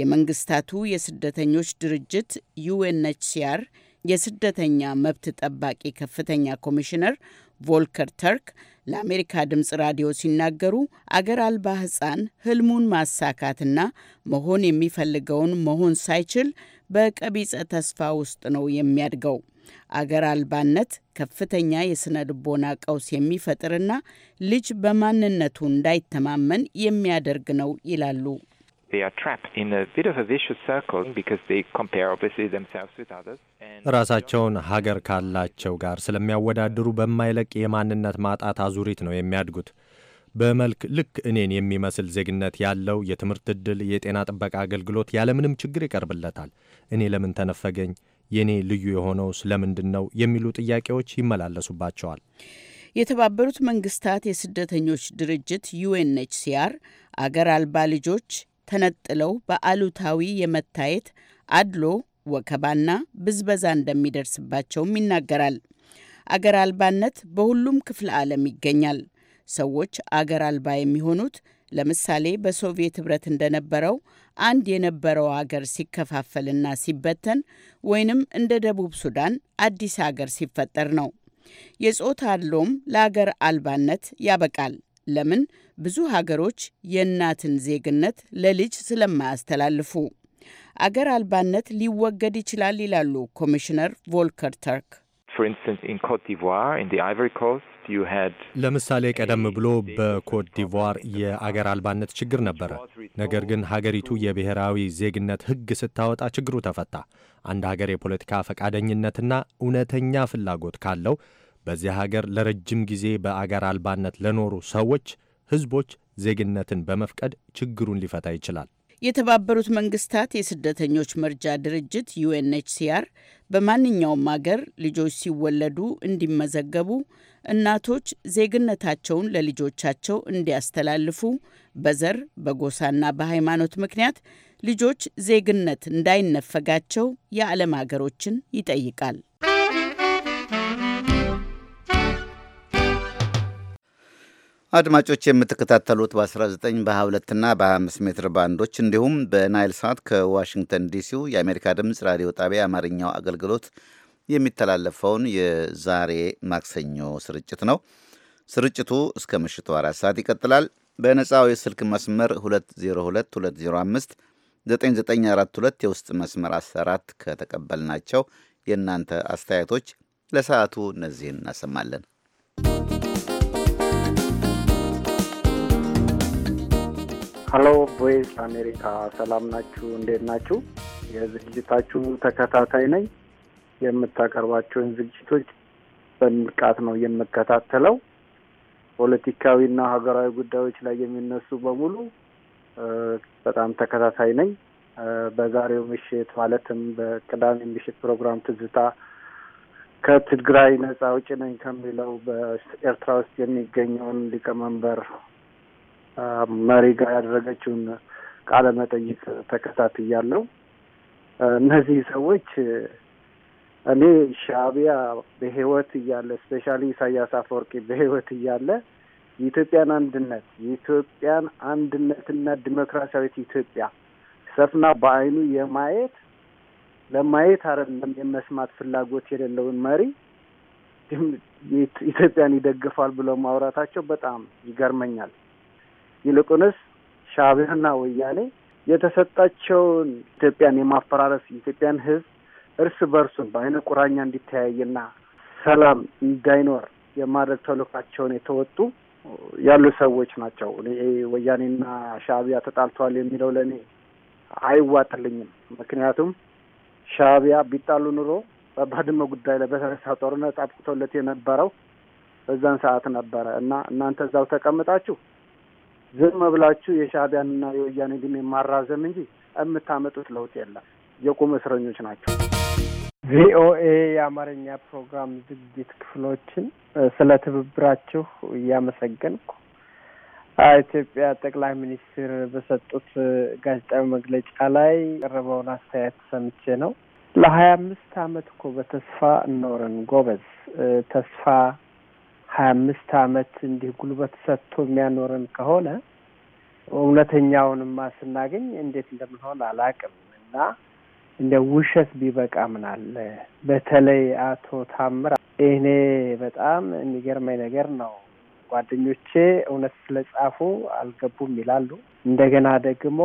የመንግስታቱ የስደተኞች ድርጅት ዩኤንኤችሲአር የስደተኛ መብት ጠባቂ ከፍተኛ ኮሚሽነር ቮልከር ተርክ ለአሜሪካ ድምፅ ራዲዮ ሲናገሩ አገር አልባ ሕፃን ህልሙን ማሳካትና መሆን የሚፈልገውን መሆን ሳይችል በቀቢጸ ተስፋ ውስጥ ነው የሚያድገው። አገር አልባነት ከፍተኛ የሥነ ልቦና ቀውስ የሚፈጥርና ልጅ በማንነቱ እንዳይተማመን የሚያደርግ ነው ይላሉ። ራሳቸውን ሀገር ካላቸው ጋር ስለሚያወዳድሩ በማይለቅ የማንነት ማጣት አዙሪት ነው የሚያድጉት። በመልክ ልክ እኔን የሚመስል ዜግነት ያለው የትምህርት ዕድል፣ የጤና ጥበቃ አገልግሎት ያለምንም ችግር ይቀርብለታል። እኔ ለምን ተነፈገኝ? የእኔ ልዩ የሆነው ስለምንድን ነው? የሚሉ ጥያቄዎች ይመላለሱባቸዋል። የተባበሩት መንግስታት የስደተኞች ድርጅት ዩኤንኤችሲአር አገር አልባ ልጆች ተነጥለው በአሉታዊ የመታየት አድሎ፣ ወከባና ብዝበዛ እንደሚደርስባቸውም ይናገራል። አገር አልባነት በሁሉም ክፍለ ዓለም ይገኛል። ሰዎች አገር አልባ የሚሆኑት ለምሳሌ በሶቪየት ኅብረት እንደነበረው አንድ የነበረው አገር ሲከፋፈልና ሲበተን ወይንም እንደ ደቡብ ሱዳን አዲስ አገር ሲፈጠር ነው። የጾታ አድሎም ለአገር አልባነት ያበቃል። ለምን? ብዙ ሀገሮች የእናትን ዜግነት ለልጅ ስለማያስተላልፉ አገር አልባነት ሊወገድ ይችላል ይላሉ ኮሚሽነር ቮልከር ተርክ። ለምሳሌ ቀደም ብሎ በኮት ዲቯር የአገር አልባነት ችግር ነበረ። ነገር ግን ሀገሪቱ የብሔራዊ ዜግነት ሕግ ስታወጣ ችግሩ ተፈታ። አንድ ሀገር የፖለቲካ ፈቃደኝነትና እውነተኛ ፍላጎት ካለው በዚያ ሀገር ለረጅም ጊዜ በአገር አልባነት ለኖሩ ሰዎች ህዝቦች ዜግነትን በመፍቀድ ችግሩን ሊፈታ ይችላል። የተባበሩት መንግስታት የስደተኞች መርጃ ድርጅት ዩኤንኤችሲአር በማንኛውም አገር ልጆች ሲወለዱ እንዲመዘገቡ፣ እናቶች ዜግነታቸውን ለልጆቻቸው እንዲያስተላልፉ፣ በዘር በጎሳና በሃይማኖት ምክንያት ልጆች ዜግነት እንዳይነፈጋቸው የዓለም አገሮችን ይጠይቃል። አድማጮች የምትከታተሉት በ19 በ22 እና በ25 ሜትር ባንዶች እንዲሁም በናይል ሳት ከዋሽንግተን ዲሲው የአሜሪካ ድምፅ ራዲዮ ጣቢያ አማርኛው አገልግሎት የሚተላለፈውን የዛሬ ማክሰኞ ስርጭት ነው። ስርጭቱ እስከ ምሽቱ አራት ሰዓት ይቀጥላል። በነጻው የስልክ መስመር 2022059942 የውስጥ መስመር 14 ከተቀበልናቸው የእናንተ አስተያየቶች ለሰዓቱ እነዚህን እናሰማለን። ሀሎ ቮይስ አሜሪካ ሰላም ናችሁ? እንዴት ናችሁ? የዝግጅታችሁ ተከታታይ ነኝ። የምታቀርባቸውን ዝግጅቶች በንቃት ነው የምከታተለው። ፖለቲካዊና ሀገራዊ ጉዳዮች ላይ የሚነሱ በሙሉ በጣም ተከታታይ ነኝ። በዛሬው ምሽት ማለትም በቅዳሜ ምሽት ፕሮግራም ትዝታ ከትግራይ ነጻ አውጪ ነኝ ከሚለው በኤርትራ ውስጥ የሚገኘውን ሊቀመንበር መሪ ጋር ያደረገችውን ቃለ መጠይቅ እያለው እነዚህ ሰዎች እኔ ሻቢያ በህይወት እያለ ስፔሻሊ ኢሳያስ አፈወርቂ በህይወት እያለ የኢትዮጵያን አንድነት የኢትዮጵያን አንድነትና ዲሞክራሲያዊት ኢትዮጵያ ሰፍና በአይኑ የማየት ለማየት አይደለም የመስማት ፍላጎት የሌለውን መሪ ኢትዮጵያን ይደግፋል ብለው ማውራታቸው በጣም ይገርመኛል። ይልቁንስ ሻቢያና ወያኔ የተሰጣቸውን ኢትዮጵያን የማፈራረስ የኢትዮጵያን ሕዝብ እርስ በርሱ በአይነ ቁራኛ እንዲተያይና ሰላም እንዳይኖር የማድረግ ተልዕኳቸውን የተወጡ ያሉ ሰዎች ናቸው። ወያኔና ሻቢያ ተጣልተዋል የሚለው ለእኔ አይዋጥልኝም። ምክንያቱም ሻቢያ ቢጣሉ ኑሮ በባድመ ጉዳይ ላይ በተነሳ ጦርነት አጥፍቶለት የነበረው በዛን ሰዓት ነበረ እና እናንተ እዛው ተቀምጣችሁ ዝም ብላችሁ የሻዕቢያንና የወያኔ እድሜ ማራዘም እንጂ የምታመጡት ለውጥ የለም። የቁም እስረኞች ናቸው። ቪኦኤ የአማርኛ ፕሮግራም ዝግጅት ክፍሎችን ስለ ትብብራችሁ እያመሰገንኩ ኢትዮጵያ ጠቅላይ ሚኒስትር በሰጡት ጋዜጣዊ መግለጫ ላይ ቀረበውን አስተያየት ሰምቼ ነው። ለሀያ አምስት አመት እኮ በተስፋ እኖርን ጎበዝ ተስፋ ሀያ አምስት አመት እንዲህ ጉልበት ሰጥቶ የሚያኖረን ከሆነ እውነተኛውንማ ስናገኝ እንዴት እንደምንሆን አላቅም እና እንደ ውሸት ቢበቃ አለ። በተለይ አቶ ታምራ እኔ በጣም የሚገርመኝ ነገር ነው ጓደኞቼ እውነት ስለጻፉ አልገቡም ይላሉ። እንደገና ደግሞ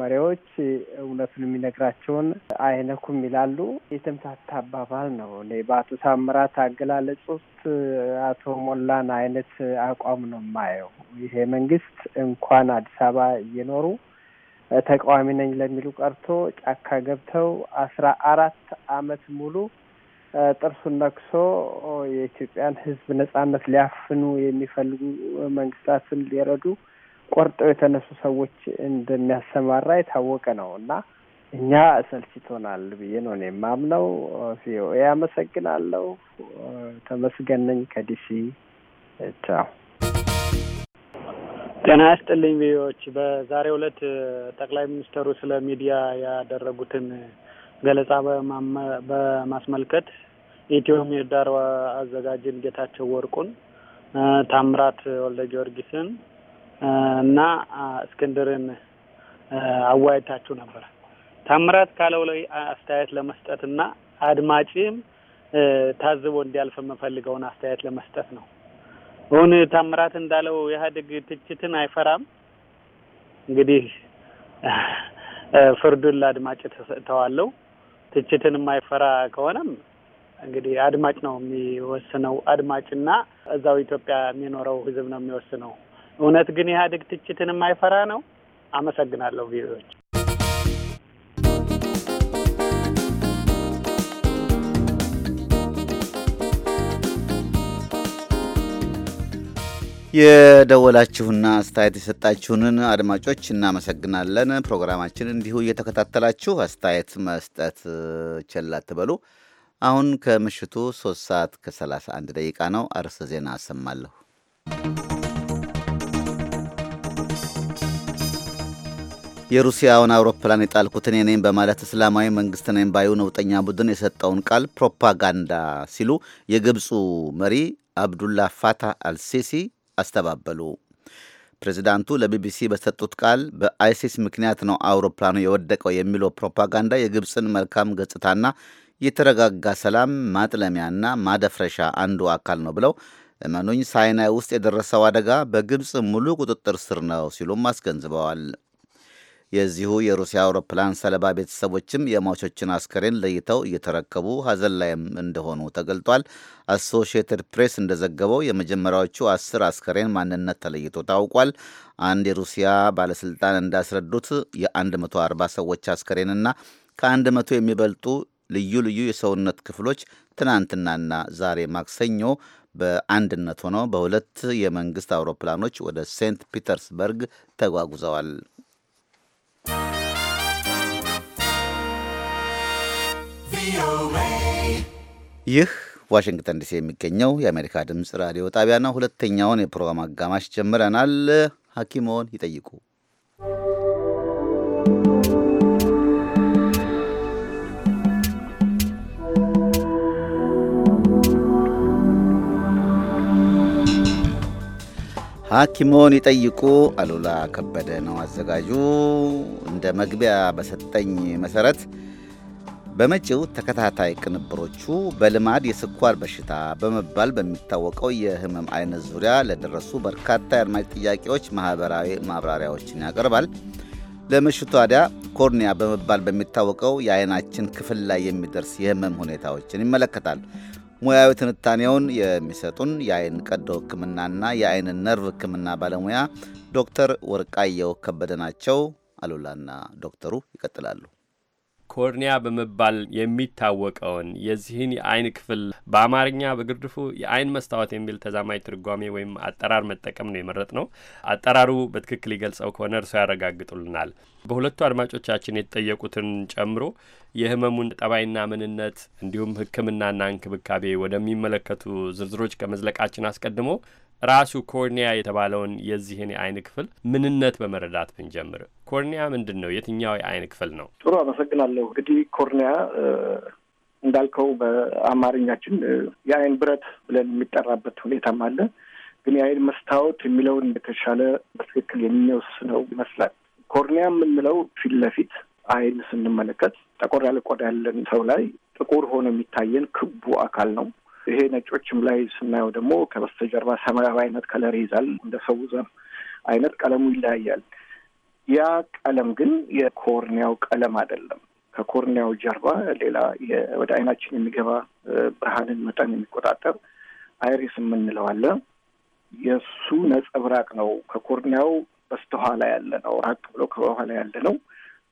መሪዎች እውነቱን የሚነግራቸውን አይነኩም ይላሉ። የተምታታ አባባል ነው። እኔ በአቶ ታምራት አገላለጽ ውስጥ አቶ ሞላን አይነት አቋም ነው የማየው። ይሄ መንግስት እንኳን አዲስ አበባ እየኖሩ ተቃዋሚ ነኝ ለሚሉ ቀርቶ ጫካ ገብተው አስራ አራት አመት ሙሉ ጥርሱን ነክሶ የኢትዮጵያን ሕዝብ ነጻነት ሊያፍኑ የሚፈልጉ መንግስታትን ሊረዱ ቆርጠው የተነሱ ሰዎች እንደሚያሰማራ የታወቀ ነው እና እኛ ሰልችቶናል ብዬ ነው እኔ የማምነው። ቪኦኤ አመሰግናለሁ። ተመስገን ነኝ ከዲሲ ቻው። ጤና ያስጥልኝ ቪዎች በዛሬው ዕለት ጠቅላይ ሚኒስተሩ ስለ ሚዲያ ያደረጉትን ገለጻ በማስመልከት የኢትዮ ምህዳር አዘጋጅን ጌታቸው ወርቁን፣ ታምራት ወልደ ጊዮርጊስን እና እስክንድርን አወያይታችሁ ነበር። ታምራት ካለው ላይ አስተያየት ለመስጠት እና አድማጭም ታዝቦ እንዲያልፍ የምፈልገውን አስተያየት ለመስጠት ነው። እውን ታምራት እንዳለው ኢህአዴግ ትችትን አይፈራም። እንግዲህ ፍርዱን ለአድማጭ ተዋለው። ትችትን የማይፈራ ከሆነም እንግዲህ አድማጭ ነው የሚወስነው። አድማጭና እዛው ኢትዮጵያ የሚኖረው ህዝብ ነው የሚወስነው። እውነት ግን ኢህአዴግ ትችትን የማይፈራ ነው? አመሰግናለሁ ቪኦኤዎች። የደወላችሁና አስተያየት የሰጣችሁንን አድማጮች እናመሰግናለን። ፕሮግራማችን እንዲሁ እየተከታተላችሁ አስተያየት መስጠት ችላ አሁን ከምሽቱ 3 ሰዓት ከ31 ደቂቃ ነው። አርዕስተ ዜና አሰማለሁ። የሩሲያውን አውሮፕላን የጣልኩት እኔ ነኝ በማለት እስላማዊ መንግስት ነኝ ባዩ ነውጠኛ ቡድን የሰጠውን ቃል ፕሮፓጋንዳ ሲሉ የግብፁ መሪ አብዱላ ፋታህ አልሲሲ አስተባበሉ። ፕሬዚዳንቱ ለቢቢሲ በሰጡት ቃል በአይሲስ ምክንያት ነው አውሮፕላኑ የወደቀው የሚለው ፕሮፓጋንዳ የግብፅን መልካም ገጽታና የተረጋጋ ሰላም ማጥለሚያና ማደፍረሻ አንዱ አካል ነው ብለው እመኑኝ፣ ሳይናይ ውስጥ የደረሰው አደጋ በግብፅ ሙሉ ቁጥጥር ስር ነው ሲሉም አስገንዝበዋል። የዚሁ የሩሲያ አውሮፕላን ሰለባ ቤተሰቦችም የሟቾችን አስከሬን ለይተው እየተረከቡ ሀዘን ላይም እንደሆኑ ተገልጧል። አሶሺየትድ ፕሬስ እንደዘገበው የመጀመሪያዎቹ አስር አስከሬን ማንነት ተለይቶ ታውቋል። አንድ የሩሲያ ባለስልጣን እንዳስረዱት የ140 ሰዎች አስከሬንና ከ100 የሚበልጡ ልዩ ልዩ የሰውነት ክፍሎች ትናንትናና ዛሬ ማክሰኞ በአንድነት ሆነው በሁለት የመንግሥት አውሮፕላኖች ወደ ሴንት ፒተርስበርግ ተጓጉዘዋል። ይህ ዋሽንግተን ዲሲ የሚገኘው የአሜሪካ ድምፅ ራዲዮ ጣቢያ ነው። ሁለተኛውን የፕሮግራም አጋማሽ ጀምረናል። ሐኪሞን ይጠይቁ ሐኪሞን ይጠይቁ አሉላ ከበደ ነው አዘጋጁ። እንደ መግቢያ በሰጠኝ መሰረት በመጪው ተከታታይ ቅንብሮቹ በልማድ የስኳር በሽታ በመባል በሚታወቀው የህመም አይነት ዙሪያ ለደረሱ በርካታ የአድማጭ ጥያቄዎች ማህበራዊ ማብራሪያዎችን ያቀርባል። ለምሽቱ ታዲያ ኮርኒያ በመባል በሚታወቀው የአይናችን ክፍል ላይ የሚደርስ የህመም ሁኔታዎችን ይመለከታል። ሙያዊ ትንታኔውን የሚሰጡን የአይን ቀዶ ህክምናና የአይን ነርቭ ህክምና ባለሙያ ዶክተር ወርቃየሁ ከበደ ናቸው። አሉላና ዶክተሩ ይቀጥላሉ። ኮርኒያ በመባል የሚታወቀውን የዚህን የአይን ክፍል በአማርኛ በግርድፉ የአይን መስታወት የሚል ተዛማጅ ትርጓሜ ወይም አጠራር መጠቀም ነው የመረጥ ነው። አጠራሩ በትክክል ይገልጸው ከሆነ እርስዎ ያረጋግጡልናል። በሁለቱ አድማጮቻችን የተጠየቁትን ጨምሮ የህመሙን ጠባይና ምንነት እንዲሁም ሕክምናና እንክብካቤ ወደሚመለከቱ ዝርዝሮች ከመዝለቃችን አስቀድሞ ራሱ ኮርኒያ የተባለውን የዚህን የአይን ክፍል ምንነት በመረዳት ብንጀምር፣ ኮርኒያ ምንድን ነው? የትኛው የአይን ክፍል ነው? ጥሩ አመሰግናለሁ። እንግዲህ ኮርኒያ እንዳልከው በአማርኛችን የአይን ብረት ብለን የሚጠራበት ሁኔታም አለ። ግን የአይን መስታወት የሚለውን የተሻለ በትክክል የሚወስነው ይመስላል። ኮርኒያ የምንለው ፊት ለፊት አይን ስንመለከት ጠቆር ያለ ቆዳ ያለን ሰው ላይ ጥቁር ሆኖ የሚታየን ክቡ አካል ነው። ይሄ ነጮችም ላይ ስናየው ደግሞ ከበስተጀርባ ሰማያዊ አይነት ከለር ይዛል። እንደ ሰው ዘር አይነት ቀለሙ ይለያያል። ያ ቀለም ግን የኮርኒያው ቀለም አይደለም። ከኮርኒያው ጀርባ ሌላ ወደ አይናችን የሚገባ ብርሃንን መጠን የሚቆጣጠር አይሪስ የምንለው አለ። የእሱ ነጸብራቅ ነው። ከኮርኒያው በስተኋላ ያለ ነው። ራቅ ብሎ ከኋላ ያለ ነው።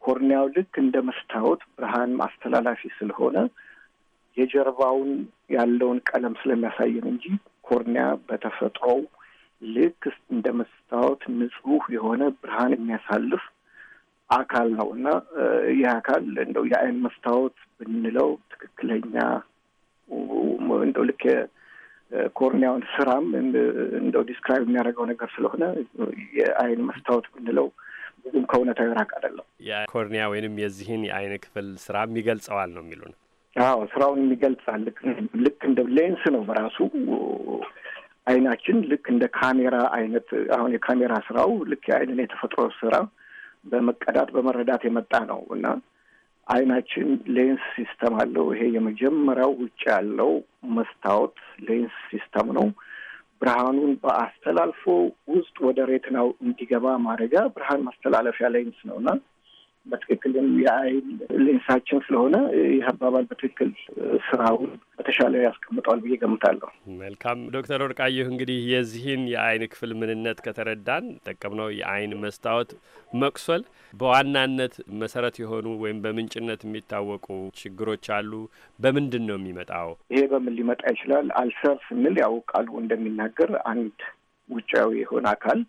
ኮርኒያው ልክ እንደ መስታወት ብርሃን ማስተላላፊ ስለሆነ የጀርባውን ያለውን ቀለም ስለሚያሳየን እንጂ ኮርኒያ በተፈጥሮው ልክ እንደ መስታወት ንጹህ የሆነ ብርሃን የሚያሳልፍ አካል ነው እና ይህ አካል እንደው የአይን መስታወት ብንለው ትክክለኛ እንደው ልክ ኮርኒያውን ስራም እንደው ዲስክራይብ የሚያደርገው ነገር ስለሆነ የአይን መስታወት ብንለው ብዙም ከእውነታዊ ራቅ አይደለም። የኮርኒያ ወይንም የዚህን የአይን ክፍል ስራም ይገልጸዋል ነው የሚሉን አዎ ስራውን የሚገልጻል። ልክ እንደ ሌንስ ነው በራሱ አይናችን ልክ እንደ ካሜራ አይነት አሁን የካሜራ ስራው ልክ የአይንን የተፈጥሮ ስራ በመቀዳት በመረዳት የመጣ ነው እና አይናችን ሌንስ ሲስተም አለው። ይሄ የመጀመሪያው ውጭ ያለው መስታወት ሌንስ ሲስተም ነው። ብርሃኑን በአስተላልፎ ውስጥ ወደ ሬትናው እንዲገባ ማድረጊያ ብርሃን ማስተላለፊያ ሌንስ ነው እና በትክክል የአይን ሌንሳችን ስለሆነ ይህ አባባል በትክክል ስራውን በተሻለ ያስቀምጠዋል ብዬ ገምታለሁ። መልካም ዶክተር ወርቃየሁ እንግዲህ የዚህን የአይን ክፍል ምንነት ከተረዳን ጠቀምነው የአይን መስታወት መቁሰል በዋናነት መሰረት የሆኑ ወይም በምንጭነት የሚታወቁ ችግሮች አሉ። በምንድን ነው የሚመጣው? ይሄ በምን ሊመጣ ይችላል? አልሰር ስንል ያው ቃሉ እንደሚናገር አንድ ውጫዊ የሆነ አካል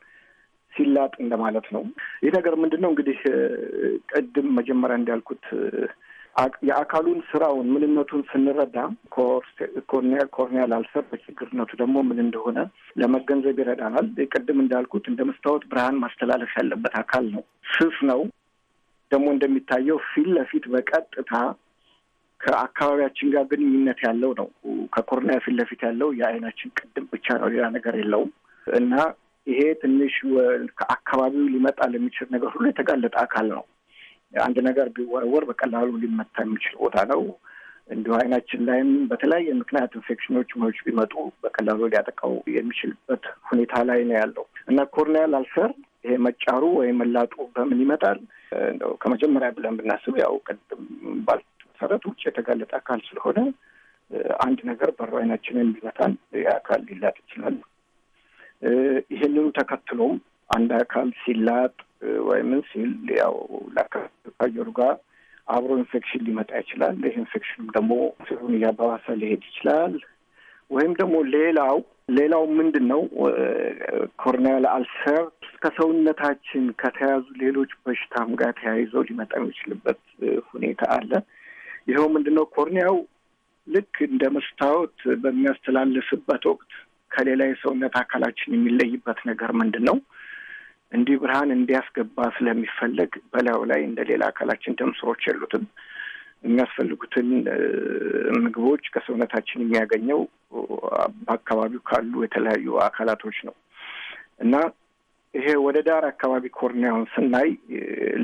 ሲላጥ እንደማለት ነው። ይህ ነገር ምንድን ነው እንግዲህ ቅድም መጀመሪያ እንዳልኩት የአካሉን ስራውን ምንነቱን ስንረዳ ኮርኔል ኮርኔል አልሰር በችግርነቱ ደግሞ ምን እንደሆነ ለመገንዘብ ይረዳናል። ቅድም እንዳልኩት እንደ መስታወት ብርሃን ማስተላለፍ ያለበት አካል ነው። ስስ ነው። ደግሞ እንደሚታየው ፊት ለፊት በቀጥታ ከአካባቢያችን ጋር ግንኙነት ያለው ነው። ከኮርኒያ ፊት ለፊት ያለው የአይናችን ቅድም ብቻ ነው፣ ሌላ ነገር የለውም እና ይሄ ትንሽ ከአካባቢው ሊመጣ ለሚችል ነገር ሁሉ የተጋለጠ አካል ነው። አንድ ነገር ቢወረወር በቀላሉ ሊመታ የሚችል ቦታ ነው። እንዲሁ አይናችን ላይም በተለያየ ምክንያት ኢንፌክሽኖች ሞች ቢመጡ በቀላሉ ሊያጠቃው የሚችልበት ሁኔታ ላይ ነው ያለው እና ኮርኒያል አልሰር ይሄ መጫሩ ወይም መላጡ በምን ይመጣል? እንደው ከመጀመሪያ ብለን ብናስብ ያው ቅድም ባልኩት መሰረት ውጭ የተጋለጠ አካል ስለሆነ አንድ ነገር በሩ አይናችንን ቢመታን ያ አካል ሊላጥ ይችላል። ይህንኑ ተከትሎም አንድ አካል ሲላጥ ወይምን ሲል ያው ከአየሩ ጋር አብሮ ኢንፌክሽን ሊመጣ ይችላል። ይህ ኢንፌክሽንም ደግሞ ሲሆን እያባባሰ ሊሄድ ይችላል። ወይም ደግሞ ሌላው ሌላው ምንድን ነው ኮርኒያል አልሰር ከሰውነታችን ከተያዙ ሌሎች በሽታም ጋር ተያይዘው ሊመጣ የሚችልበት ሁኔታ አለ። ይኸው ምንድን ነው ኮርኒያው ልክ እንደ መስታወት በሚያስተላልፍበት ወቅት ከሌላ የሰውነት አካላችን የሚለይበት ነገር ምንድን ነው? እንዲህ ብርሃን እንዲያስገባ ስለሚፈለግ በላዩ ላይ እንደ ሌላ አካላችን ደም ስሮች የሉትም። የሚያስፈልጉትን ምግቦች ከሰውነታችን የሚያገኘው በአካባቢው ካሉ የተለያዩ አካላቶች ነው እና ይሄ ወደ ዳር አካባቢ ኮርኒያውን ስናይ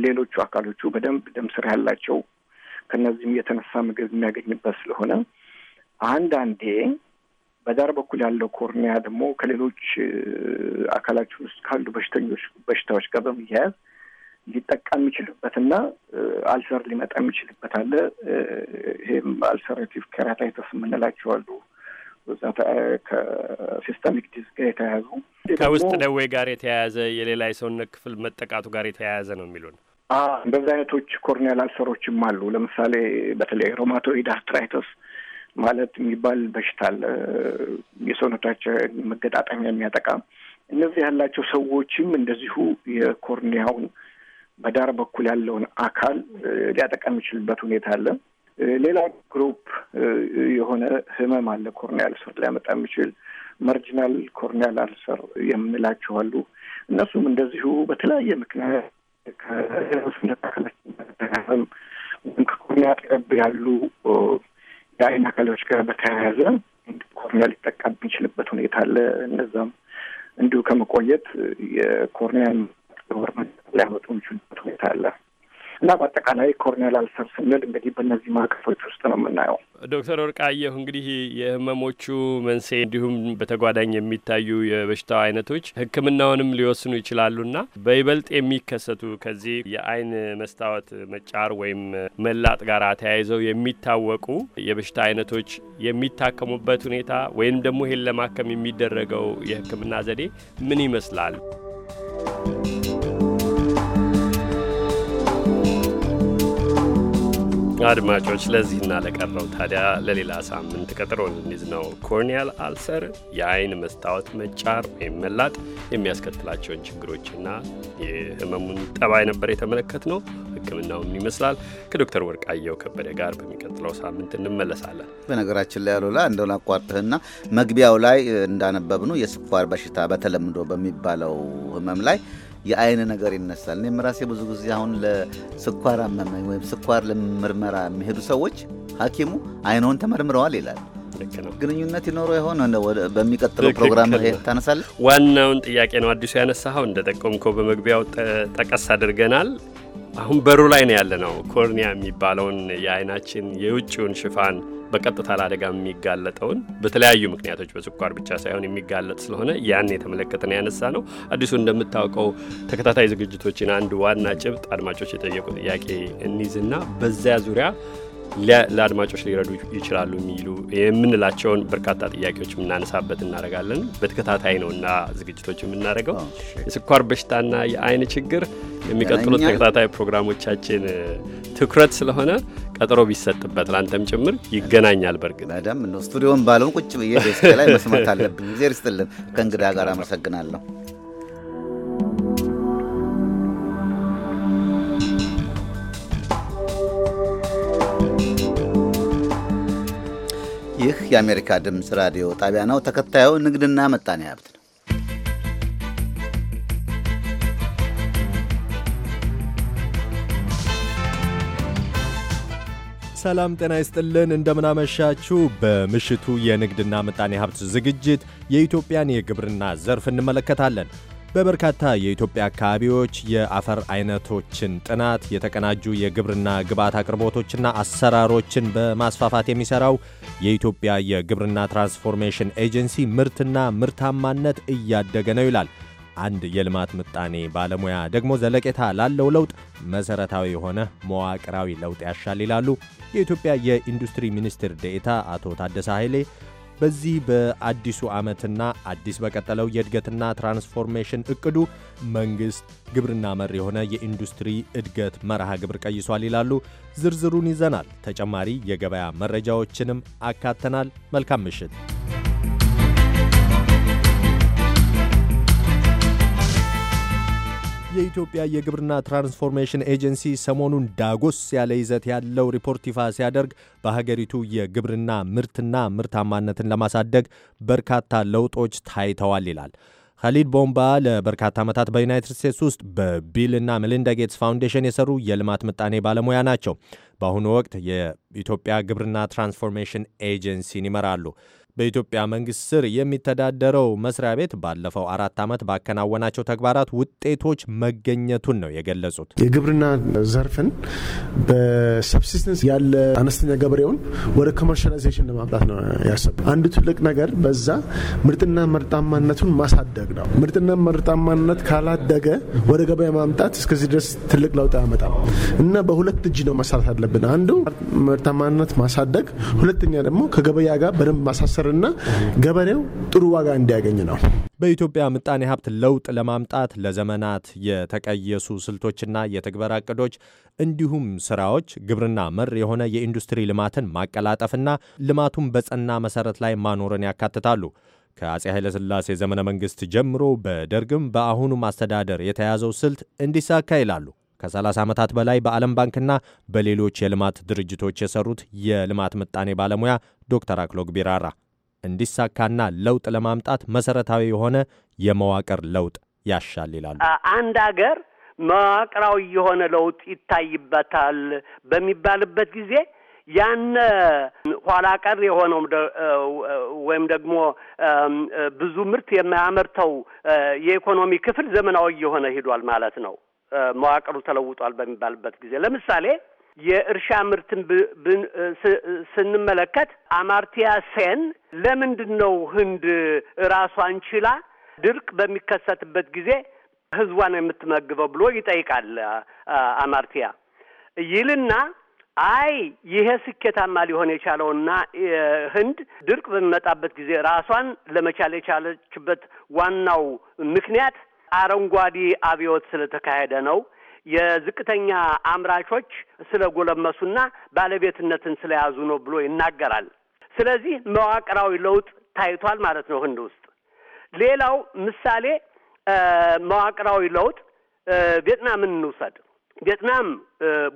ሌሎቹ አካሎቹ በደንብ ደም ስር ያላቸው ከነዚህም የተነሳ ምግብ የሚያገኝበት ስለሆነ አንዳንዴ በዳር በኩል ያለው ኮርኒያ ደግሞ ከሌሎች አካላችን ውስጥ ካሉ በሽተኞች በሽታዎች ጋር በመያያዝ ሊጠቃ የሚችልበትና አልሰር ሊመጣ የሚችልበት አለ። ይህም አልሰርቲቭ ከራታይተስ የምንላቸው አሉ። ከሲስተሚክ ዲዝ ጋር የተያያዙ ከውስጥ ደዌ ጋር የተያያዘ የሌላ የሰውነት ክፍል መጠቃቱ ጋር የተያያዘ ነው የሚሉን እንደዚህ አይነቶች ኮርኒያል አልሰሮችም አሉ። ለምሳሌ በተለይ ሮማቶይድ አርትራይተስ ማለት የሚባል በሽታ አለ። የሰውነታችን መገጣጠሚያ የሚያጠቃ እነዚህ ያላቸው ሰዎችም እንደዚሁ የኮርኒያውን በዳር በኩል ያለውን አካል ሊያጠቃ የሚችልበት ሁኔታ አለ። ሌላ ግሩፕ የሆነ ህመም አለ። ኮርኒያል ሰር ሊያመጣ የሚችል መርጂናል ኮርኒያል አልሰር የምንላቸው አሉ። እነሱም እንደዚሁ በተለያየ ምክንያት ከሰውነት አካላችን ወይም ከኮርኒያ አጠገብ ያሉ የአይን አካሎች ጋር በተያያዘ ኮርኒያ ሊጠቃብ የሚችልበት ሁኔታ አለ። እነዛም እንዲሁ ከመቆየት የኮርኒያ ሊያመጡ የሚችልበት ሁኔታ አለ። እና በአጠቃላይ ኮርኔል አልሰር ስንል እንግዲህ በእነዚህ ማዕቀፎች ውስጥ ነው የምናየው። ዶክተር ወርቃየሁ እንግዲህ የህመሞቹ መንስኤ እንዲሁም በተጓዳኝ የሚታዩ የበሽታ አይነቶች ህክምናውንም ሊወስኑ ይችላሉና በይበልጥ የሚከሰቱ ከዚህ የአይን መስታወት መጫር ወይም መላጥ ጋር ተያይዘው የሚታወቁ የበሽታ አይነቶች የሚታከሙበት ሁኔታ ወይም ደግሞ ይህን ለማከም የሚደረገው የህክምና ዘዴ ምን ይመስላል? አድማጮች ለዚህና ለቀረው ታዲያ ለሌላ ሳምንት ቀጠሮ እንይዝ ነው። ኮርኒያል አልሰር የአይን መስታወት መጫር ወይም መላጥ የሚያስከትላቸውን ችግሮችና የህመሙን ጠባይ ነበር የተመለከት ነው። ሕክምናውን ይመስላል ከዶክተር ወርቃየው ከበደ ጋር በሚቀጥለው ሳምንት እንመለሳለን። በነገራችን ላይ አሉላ እንደውን አቋርጥህና መግቢያው ላይ እንዳነበብነው የስኳር በሽታ በተለምዶ በሚባለው ህመም ላይ የአይን ነገር ይነሳል። እኔም ራሴ ብዙ ጊዜ አሁን ለስኳር አመመኝ ወይም ስኳር ለምርመራ የሚሄዱ ሰዎች ሐኪሙ አይነውን ተመርምረዋል ይላል። ግንኙነት ይኖረው የሆነ በሚቀጥለው ፕሮግራም ታነሳለ። ዋናውን ጥያቄ ነው አዲሱ ያነሳኸው። እንደ ጠቆምከው በመግቢያው ጠቀስ አድርገናል። አሁን በሩ ላይ ነው ያለ ነው ኮርኒያ የሚባለውን የአይናችን የውጭውን ሽፋን በቀጥታ ለአደጋ የሚጋለጠውን በተለያዩ ምክንያቶች በስኳር ብቻ ሳይሆን የሚጋለጥ ስለሆነ ያን የተመለከተ ያነሳ ነው። አዲሱ እንደምታውቀው ተከታታይ ዝግጅቶችን አንድ ዋና ጭብጥ አድማጮች የጠየቁ ጥያቄ እንይዝና በዚያ ዙሪያ ለአድማጮች ሊረዱ ይችላሉ የሚሉ የምንላቸውን በርካታ ጥያቄዎች የምናነሳበት እናደርጋለን። በተከታታይ እና ዝግጅቶች የምናደርገው የስኳር በሽታና የአይን ችግር የሚቀጥሉት ተከታታይ ፕሮግራሞቻችን ትኩረት ስለሆነ ቀጠሮ ቢሰጥበት ለአንተም ጭምር ይገናኛል። በእርግጥ በደምብ ነው ስቱዲዮን ባለውን ቁጭ ብዬ ደስ ላይ መስማት አለብኝ። ጊዜ ርስጥልን ከእንግዳ ጋር አመሰግናለሁ። ይህ የአሜሪካ ድምፅ ራዲዮ ጣቢያ ነው። ተከታዩ ንግድና መጣኔ ሀብት ነው። ሰላም ጤና ይስጥልን፣ እንደምናመሻችሁ። በምሽቱ የንግድና ምጣኔ ሀብት ዝግጅት የኢትዮጵያን የግብርና ዘርፍ እንመለከታለን። በበርካታ የኢትዮጵያ አካባቢዎች የአፈር አይነቶችን ጥናት፣ የተቀናጁ የግብርና ግብዓት አቅርቦቶችና አሰራሮችን በማስፋፋት የሚሰራው የኢትዮጵያ የግብርና ትራንስፎርሜሽን ኤጀንሲ ምርትና ምርታማነት እያደገ ነው ይላል። አንድ የልማት ምጣኔ ባለሙያ ደግሞ ዘለቄታ ላለው ለውጥ መሰረታዊ የሆነ መዋቅራዊ ለውጥ ያሻል ይላሉ። የኢትዮጵያ የኢንዱስትሪ ሚኒስትር ዴኤታ አቶ ታደሰ ኃይሌ በዚህ በአዲሱ ዓመትና አዲስ በቀጠለው የእድገትና ትራንስፎርሜሽን እቅዱ መንግሥት ግብርና መር የሆነ የኢንዱስትሪ እድገት መርሃ ግብር ቀይሷል ይላሉ። ዝርዝሩን ይዘናል። ተጨማሪ የገበያ መረጃዎችንም አካተናል። መልካም ምሽት። የኢትዮጵያ የግብርና ትራንስፎርሜሽን ኤጀንሲ ሰሞኑን ዳጎስ ያለ ይዘት ያለው ሪፖርት ይፋ ሲያደርግ በሀገሪቱ የግብርና ምርትና ምርታማነትን ለማሳደግ በርካታ ለውጦች ታይተዋል ይላል። ኸሊድ ቦምባ ለበርካታ ዓመታት በዩናይትድ ስቴትስ ውስጥ በቢልና ሜሊንዳ ጌትስ ፋውንዴሽን የሰሩ የልማት ምጣኔ ባለሙያ ናቸው። በአሁኑ ወቅት የኢትዮጵያ ግብርና ትራንስፎርሜሽን ኤጀንሲን ይመራሉ። በኢትዮጵያ መንግሥት ስር የሚተዳደረው መስሪያ ቤት ባለፈው አራት ዓመት ባከናወናቸው ተግባራት ውጤቶች መገኘቱን ነው የገለጹት። የግብርና ዘርፍን በሰብሲስተንስ ያለ አነስተኛ ገበሬውን ወደ ኮመርሻላይዜሽን ለማምጣት ነው ያሰቡ። አንዱ ትልቅ ነገር በዛ ምርጥና ምርጣማነቱን ማሳደግ ነው። ምርጥና ምርጣማነት ካላደገ ወደ ገበያ ማምጣት እስከዚህ ድረስ ትልቅ ለውጥ አያመጣም እና በሁለት እጅ ነው መሰራት አለብን። አንዱ ምርታማነት ማሳደግ፣ ሁለተኛ ደግሞ ከገበያ ጋር በደንብ ማሳሰብ እንዲያፈርና ገበሬው ጥሩ ዋጋ እንዲያገኝ ነው። በኢትዮጵያ ምጣኔ ሀብት ለውጥ ለማምጣት ለዘመናት የተቀየሱ ስልቶችና የትግበራ እቅዶች እንዲሁም ስራዎች ግብርና መር የሆነ የኢንዱስትሪ ልማትን ማቀላጠፍና ልማቱን በጸና መሰረት ላይ ማኖርን ያካትታሉ። ከአጼ ኃይለሥላሴ ዘመነ መንግስት ጀምሮ በደርግም በአሁኑ አስተዳደር የተያዘው ስልት እንዲሳካ ይላሉ ከ30 ዓመታት በላይ በዓለም ባንክና በሌሎች የልማት ድርጅቶች የሰሩት የልማት ምጣኔ ባለሙያ ዶክተር አክሎግ ቢራራ እንዲሳካና ለውጥ ለማምጣት መሰረታዊ የሆነ የመዋቅር ለውጥ ያሻል ይላሉ። አንድ አገር መዋቅራዊ የሆነ ለውጥ ይታይበታል በሚባልበት ጊዜ ያነ ኋላ ቀር የሆነው ወይም ደግሞ ብዙ ምርት የማያመርተው የኢኮኖሚ ክፍል ዘመናዊ የሆነ ሂዷል ማለት ነው። መዋቅሩ ተለውጧል በሚባልበት ጊዜ ለምሳሌ የእርሻ ምርትን ስንመለከት አማርቲያ ሴን ለምንድን ነው ህንድ ራሷን ችላ ድርቅ በሚከሰትበት ጊዜ ህዝቧን የምትመግበው ብሎ ይጠይቃል አማርቲያ ይልና አይ ይሄ ስኬታማ ሊሆን የቻለውና ህንድ ድርቅ በሚመጣበት ጊዜ ራሷን ለመቻል የቻለችበት ዋናው ምክንያት አረንጓዴ አብዮት ስለተካሄደ ነው የዝቅተኛ አምራቾች ስለጎለመሱና ባለቤትነትን ስለያዙ ነው ብሎ ይናገራል። ስለዚህ መዋቅራዊ ለውጥ ታይቷል ማለት ነው ህንድ ውስጥ። ሌላው ምሳሌ መዋቅራዊ ለውጥ ቪየትናምን እንውሰድ። ቪየትናም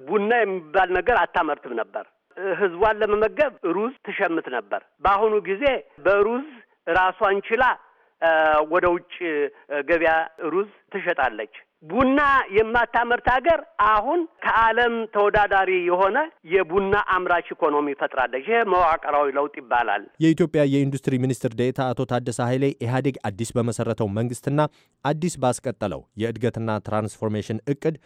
ቡና የሚባል ነገር አታመርትም ነበር። ህዝቧን ለመመገብ ሩዝ ትሸምት ነበር። በአሁኑ ጊዜ በሩዝ ራሷን ችላ ወደ ውጭ ገበያ ሩዝ ትሸጣለች። ቡና የማታመርት ሀገር አሁን ከዓለም ተወዳዳሪ የሆነ የቡና አምራች ኢኮኖሚ ፈጥራለች። ይሄ መዋቅራዊ ለውጥ ይባላል። የኢትዮጵያ የኢንዱስትሪ ሚኒስትር ዴኤታ አቶ ታደሰ ኃይሌ ኢህአዴግ አዲስ በመሰረተው መንግስትና አዲስ ባስቀጠለው የእድገትና ትራንስፎርሜሽን እቅድ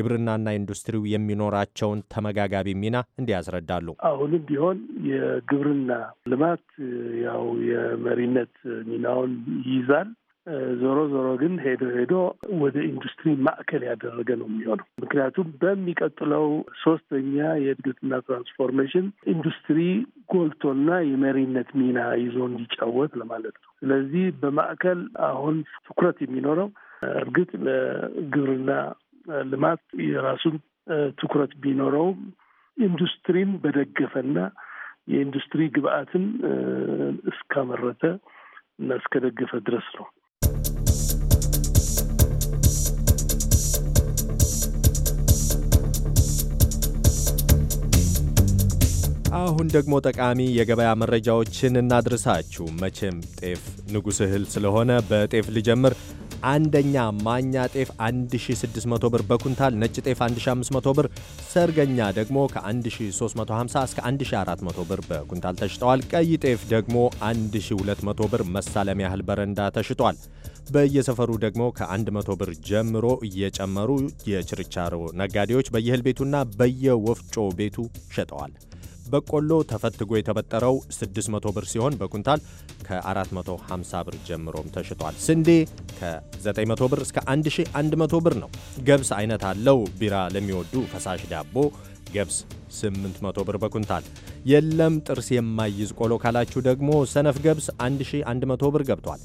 ግብርናና ኢንዱስትሪው የሚኖራቸውን ተመጋጋቢ ሚና እንዲህ ያስረዳሉ። አሁንም ቢሆን የግብርና ልማት ያው የመሪነት ሚናውን ይይዛል። ዞሮ ዞሮ ግን ሄዶ ሄዶ ወደ ኢንዱስትሪ ማዕከል ያደረገ ነው የሚሆነው። ምክንያቱም በሚቀጥለው ሶስተኛ የእድገትና ትራንስፎርሜሽን ኢንዱስትሪ ጎልቶና የመሪነት ሚና ይዞ እንዲጫወት ለማለት ነው። ስለዚህ በማዕከል አሁን ትኩረት የሚኖረው እርግጥ ለግብርና ልማት የራሱን ትኩረት ቢኖረውም ኢንዱስትሪን በደገፈና የኢንዱስትሪ ግብአትን እስካመረተ እና እስከደገፈ ድረስ ነው። አሁን ደግሞ ጠቃሚ የገበያ መረጃዎችን እናድርሳችሁ። መቼም ጤፍ ንጉሥ እህል ስለሆነ በጤፍ ልጀምር። አንደኛ ማኛ ጤፍ 1600 ብር በኩንታል፣ ነጭ ጤፍ 1500 ብር፣ ሰርገኛ ደግሞ ከ1350 እስከ 1400 ብር በኩንታል ተሽጠዋል። ቀይ ጤፍ ደግሞ 1200 ብር መሳለም ያህል በረንዳ ተሽጧል። በየሰፈሩ ደግሞ ከ100 ብር ጀምሮ እየጨመሩ የችርቻሮ ነጋዴዎች በየእህል ቤቱና በየወፍጮ ቤቱ ሸጠዋል። በቆሎ ተፈትጎ የተበጠረው 600 ብር ሲሆን በኩንታል ከ450 ብር ጀምሮም ተሽጧል። ስንዴ ከ900 ብር እስከ 1100 ብር ነው። ገብስ አይነት አለው። ቢራ ለሚወዱ ፈሳሽ ዳቦ ገብስ 800 ብር በኩንታል። የለም ጥርስ የማይዝ ቆሎ ካላችሁ ደግሞ ሰነፍ ገብስ 1100 ብር ገብቷል።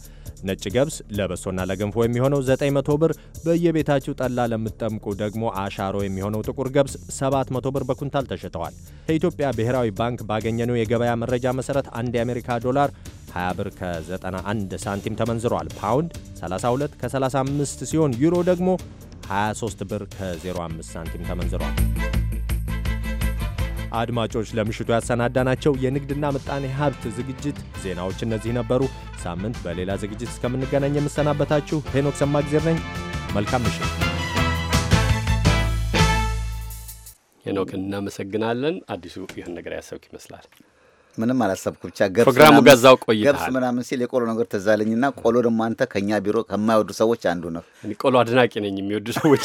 ነጭ ገብስ ለበሶና ለገንፎ የሚሆነው 900 ብር፣ በየቤታችሁ ጠላ ለምትጠምቁ ደግሞ አሻሮ የሚሆነው ጥቁር ገብስ 700 ብር በኩንታል ተሸጠዋል። ከኢትዮጵያ ብሔራዊ ባንክ ባገኘነው የገበያ መረጃ መሰረት አንድ የአሜሪካ ዶላር 20 ብር ከ91 ሳንቲም ተመንዝሯል። ፓውንድ 32 ከ35 ሲሆን ዩሮ ደግሞ 23 ብር ከ05 ሳንቲም ተመንዝሯል። አድማጮች፣ ለምሽቱ ያሰናዳናቸው የንግድና ምጣኔ ሀብት ዝግጅት ዜናዎች እነዚህ ነበሩ። ሳምንት በሌላ ዝግጅት እስከምንገናኝ የምሰናበታችሁ ሄኖክ ሰማግዜር ነኝ። መልካም ምሽት። ሄኖክ እናመሰግናለን። አዲሱ ይህን ነገር ያሰብክ ይመስላል። ምንም አላሰብኩ ብቻ ፕሮግራሙ ገዛው ቆይታ ገብስ ምናምን ሲል የቆሎ ነገር ትዝ አለኝና ቆሎ ደግሞ አንተ ከእኛ ቢሮ ከማይወዱ ሰዎች አንዱ ነው። ቆሎ አድናቂ ነኝ። የሚወዱ ሰዎች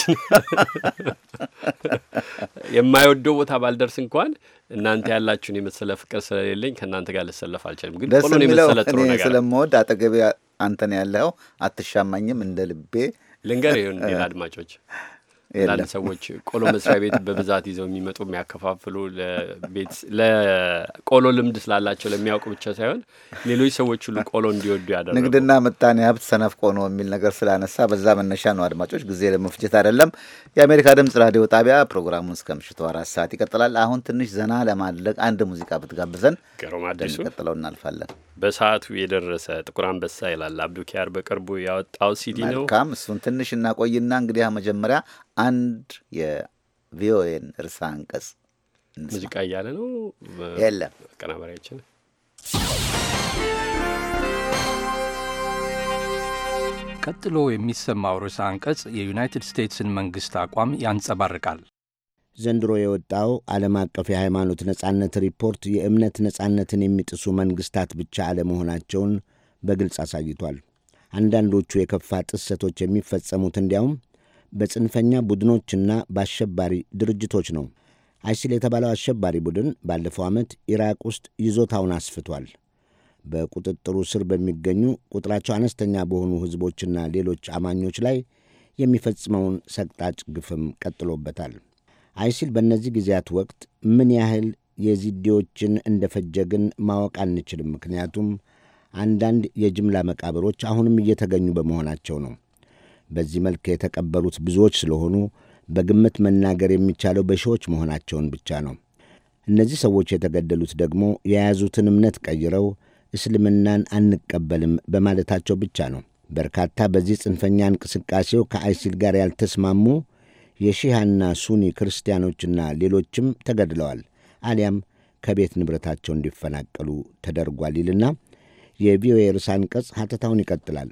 የማይወደው ቦታ ባልደርስ እንኳን እናንተ ያላችሁን የመሰለ ፍቅር ስለሌለኝ ከእናንተ ጋር ልሰለፍ አልችልም። ግን ደስ የሚለው እኔ ስለምወድ አጠገቤ አንተን ያለው አትሻማኝም እንደ ልቤ ልንገር ይሁን አድማጮች አንዳንድ ሰዎች ቆሎ መስሪያ ቤት በብዛት ይዘው የሚመጡ የሚያከፋፍሉ ለቤት ለቆሎ ልምድ ስላላቸው ለሚያውቁ ብቻ ሳይሆን ሌሎች ሰዎች ሁሉ ቆሎ እንዲወዱ ያደረጉ ንግድና ምጣኔ ሀብት ሰነፍቆ ነው የሚል ነገር ስላነሳ በዛ መነሻ ነው። አድማጮች ጊዜ ለመፍጀት አይደለም። የአሜሪካ ድምጽ ራዲዮ ጣቢያ ፕሮግራሙን እስከ ምሽቱ አራት ሰዓት ይቀጥላል። አሁን ትንሽ ዘና ለማድረግ አንድ ሙዚቃ ብትጋብዘን ቀጥለው እናልፋለን። በሰዓቱ የደረሰ ጥቁር አንበሳ ይላል አብዱኪያር በቅርቡ ያወጣው ሲዲ ነው። መልካም እሱን ትንሽ እናቆይና እንግዲህ መጀመሪያ አንድ የቪኦኤን ርዕሰ አንቀጽ ሙዚቃ እያለ ነው የለም አቀናባሪያችን ቀጥሎ የሚሰማው ርዕሰ አንቀጽ የዩናይትድ ስቴትስን መንግሥት አቋም ያንጸባርቃል። ዘንድሮ የወጣው ዓለም አቀፍ የሃይማኖት ነጻነት ሪፖርት የእምነት ነጻነትን የሚጥሱ መንግሥታት ብቻ አለመሆናቸውን በግልጽ አሳይቷል። አንዳንዶቹ የከፋ ጥሰቶች የሚፈጸሙት እንዲያውም በጽንፈኛ ቡድኖችና በአሸባሪ ድርጅቶች ነው። አይሲል የተባለው አሸባሪ ቡድን ባለፈው ዓመት ኢራቅ ውስጥ ይዞታውን አስፍቷል። በቁጥጥሩ ስር በሚገኙ ቁጥራቸው አነስተኛ በሆኑ ሕዝቦችና ሌሎች አማኞች ላይ የሚፈጽመውን ሰቅጣጭ ግፍም ቀጥሎበታል። አይሲል በእነዚህ ጊዜያት ወቅት ምን ያህል የዚዲዎችን እንደፈጀ ግን ማወቅ አንችልም። ምክንያቱም አንዳንድ የጅምላ መቃብሮች አሁንም እየተገኙ በመሆናቸው ነው። በዚህ መልክ የተቀበሉት ብዙዎች ስለሆኑ በግምት መናገር የሚቻለው በሺዎች መሆናቸውን ብቻ ነው። እነዚህ ሰዎች የተገደሉት ደግሞ የያዙትን እምነት ቀይረው እስልምናን አንቀበልም በማለታቸው ብቻ ነው። በርካታ በዚህ ጽንፈኛ እንቅስቃሴው ከአይሲል ጋር ያልተስማሙ የሺሃና ሱኒ ክርስቲያኖችና ሌሎችም ተገድለዋል አሊያም ከቤት ንብረታቸው እንዲፈናቀሉ ተደርጓል ይልና የቪኦኤ ርዕሰ አንቀጽ ሐተታውን ይቀጥላል።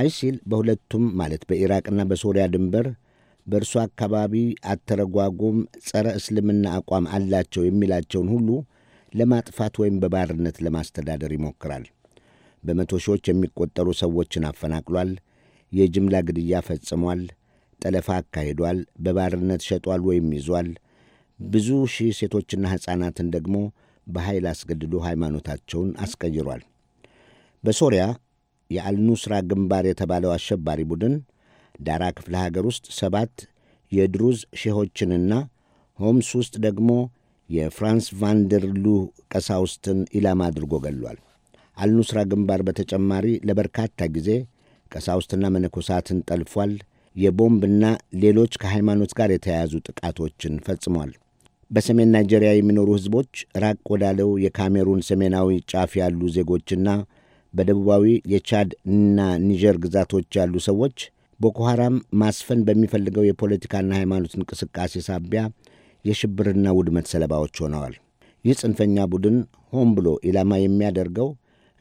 አይሲል በሁለቱም ማለት በኢራቅና በሶሪያ ድንበር በእርሱ አካባቢ አተረጓጎም ጸረ እስልምና አቋም አላቸው የሚላቸውን ሁሉ ለማጥፋት ወይም በባርነት ለማስተዳደር ይሞክራል። በመቶ ሺዎች የሚቆጠሩ ሰዎችን አፈናቅሏል። የጅምላ ግድያ ፈጽሟል። ጠለፋ አካሂዷል። በባርነት ሸጧል ወይም ይዟል። ብዙ ሺህ ሴቶችና ሕፃናትን ደግሞ በኃይል አስገድዶ ሃይማኖታቸውን አስቀይሯል። በሶሪያ የአልኑስራ ግንባር የተባለው አሸባሪ ቡድን ዳራ ክፍለ ሀገር ውስጥ ሰባት የድሩዝ ሼሆችንና ሆምስ ውስጥ ደግሞ የፍራንስ ቫንደርሉ ቀሳውስትን ኢላማ አድርጎ ገሏል። አልኑስራ ግንባር በተጨማሪ ለበርካታ ጊዜ ቀሳውስትና መነኮሳትን ጠልፏል። የቦምብና ሌሎች ከሃይማኖት ጋር የተያያዙ ጥቃቶችን ፈጽሟል። በሰሜን ናይጄሪያ የሚኖሩ ሕዝቦች ራቅ ወዳለው የካሜሩን ሰሜናዊ ጫፍ ያሉ ዜጎችና በደቡባዊ የቻድ እና ኒጀር ግዛቶች ያሉ ሰዎች ቦኮ ሐራም ማስፈን በሚፈልገው የፖለቲካና ሃይማኖት እንቅስቃሴ ሳቢያ የሽብርና ውድመት ሰለባዎች ሆነዋል። ይህ ጽንፈኛ ቡድን ሆን ብሎ ኢላማ የሚያደርገው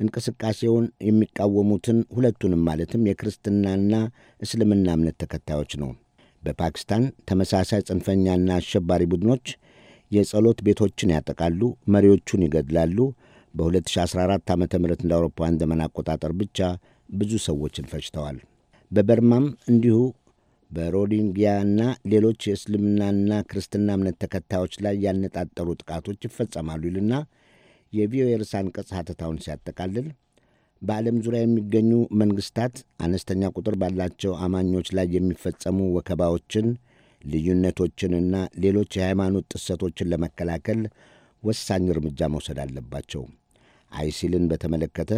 እንቅስቃሴውን የሚቃወሙትን ሁለቱንም ማለትም የክርስትናና እስልምና እምነት ተከታዮች ነው። በፓኪስታን ተመሳሳይ ጽንፈኛና አሸባሪ ቡድኖች የጸሎት ቤቶችን ያጠቃሉ፣ መሪዎቹን ይገድላሉ፣ በ2014 ዓ ም እንደ አውሮፓውያን ዘመን አቆጣጠር ብቻ ብዙ ሰዎችን ፈጅተዋል። በበርማም እንዲሁ በሮሂንግያና ሌሎች የእስልምናና ክርስትና እምነት ተከታዮች ላይ ያነጣጠሩ ጥቃቶች ይፈጸማሉ ይልና የቪኦኤ ርዕሰ አንቀጽ ሐተታውን ሲያጠቃልል በዓለም ዙሪያ የሚገኙ መንግስታት አነስተኛ ቁጥር ባላቸው አማኞች ላይ የሚፈጸሙ ወከባዎችን፣ ልዩነቶችንና ሌሎች የሃይማኖት ጥሰቶችን ለመከላከል ወሳኝ እርምጃ መውሰድ አለባቸው። አይሲልን በተመለከተ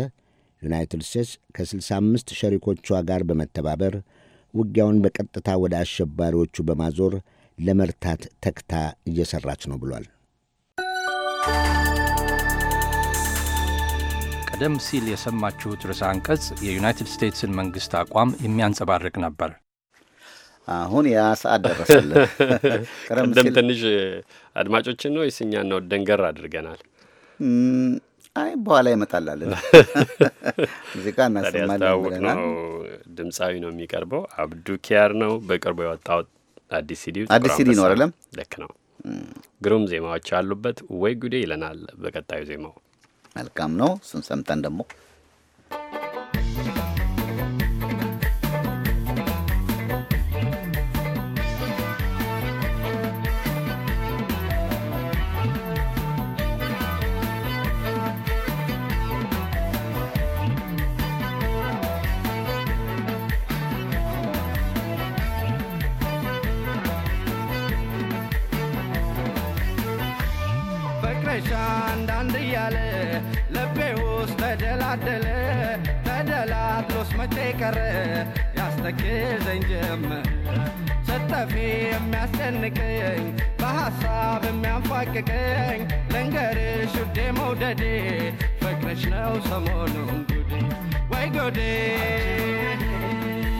ዩናይትድ ስቴትስ ከ65 ሸሪኮቿ ጋር በመተባበር ውጊያውን በቀጥታ ወደ አሸባሪዎቹ በማዞር ለመርታት ተግታ እየሠራች ነው ብሏል። ቀደም ሲል የሰማችሁት ርዕሰ አንቀጽ የዩናይትድ ስቴትስን መንግሥት አቋም የሚያንጸባርቅ ነበር። አሁን ያ ሰዓት ደረሰልን። ቀደም ትንሽ አድማጮችን ነው የስኛን ነው ደንገር አድርገናል። አይ በኋላ ይመጣላለን ሙዚቃ እናሰማለን ድምፃዊ ነው የሚቀርበው፣ አብዱ ኪያር ነው በቅርቡ ያወጣው አዲስ ሲዲ አዲስ ሲዲ ነው አይደለም? ልክ ነው። ግሩም ዜማዎች አሉበት። ወይ ጉዴ ይለናል በቀጣዩ ዜማው። መልካም ነው። እሱን ሰምተን ደግሞ ያደለ ተደላድሎስ መቼ ቀረ ያስተክል ዘንድ ጀመር ስጠፊ የሚያስጨንቀኝ በሐሳብ የሚያንፋቅቀኝ ልንገርሽ ውዴ መውደዴ ፍቅርሽ ነው ሰሞኑን ጉዴ ወይ ጉዴ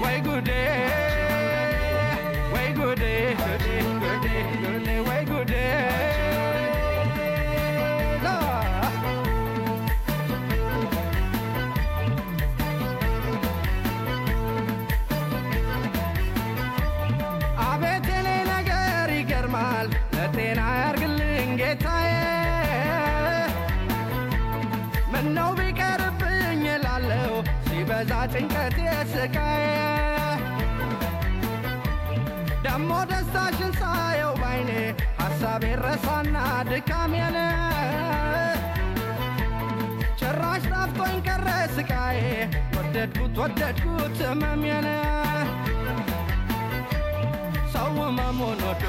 ወይ ጉዴ ወይ ጉዴ ስቃዬ ደሞ ደስታሽን ሳየው ባይኔ ሐሳቤ ረሳና ድካሜን ጭራሽ ቀረ ስቃዬ ወደድኩት ወደድኩት ህመሜን ሰው ህመሙን ወዶ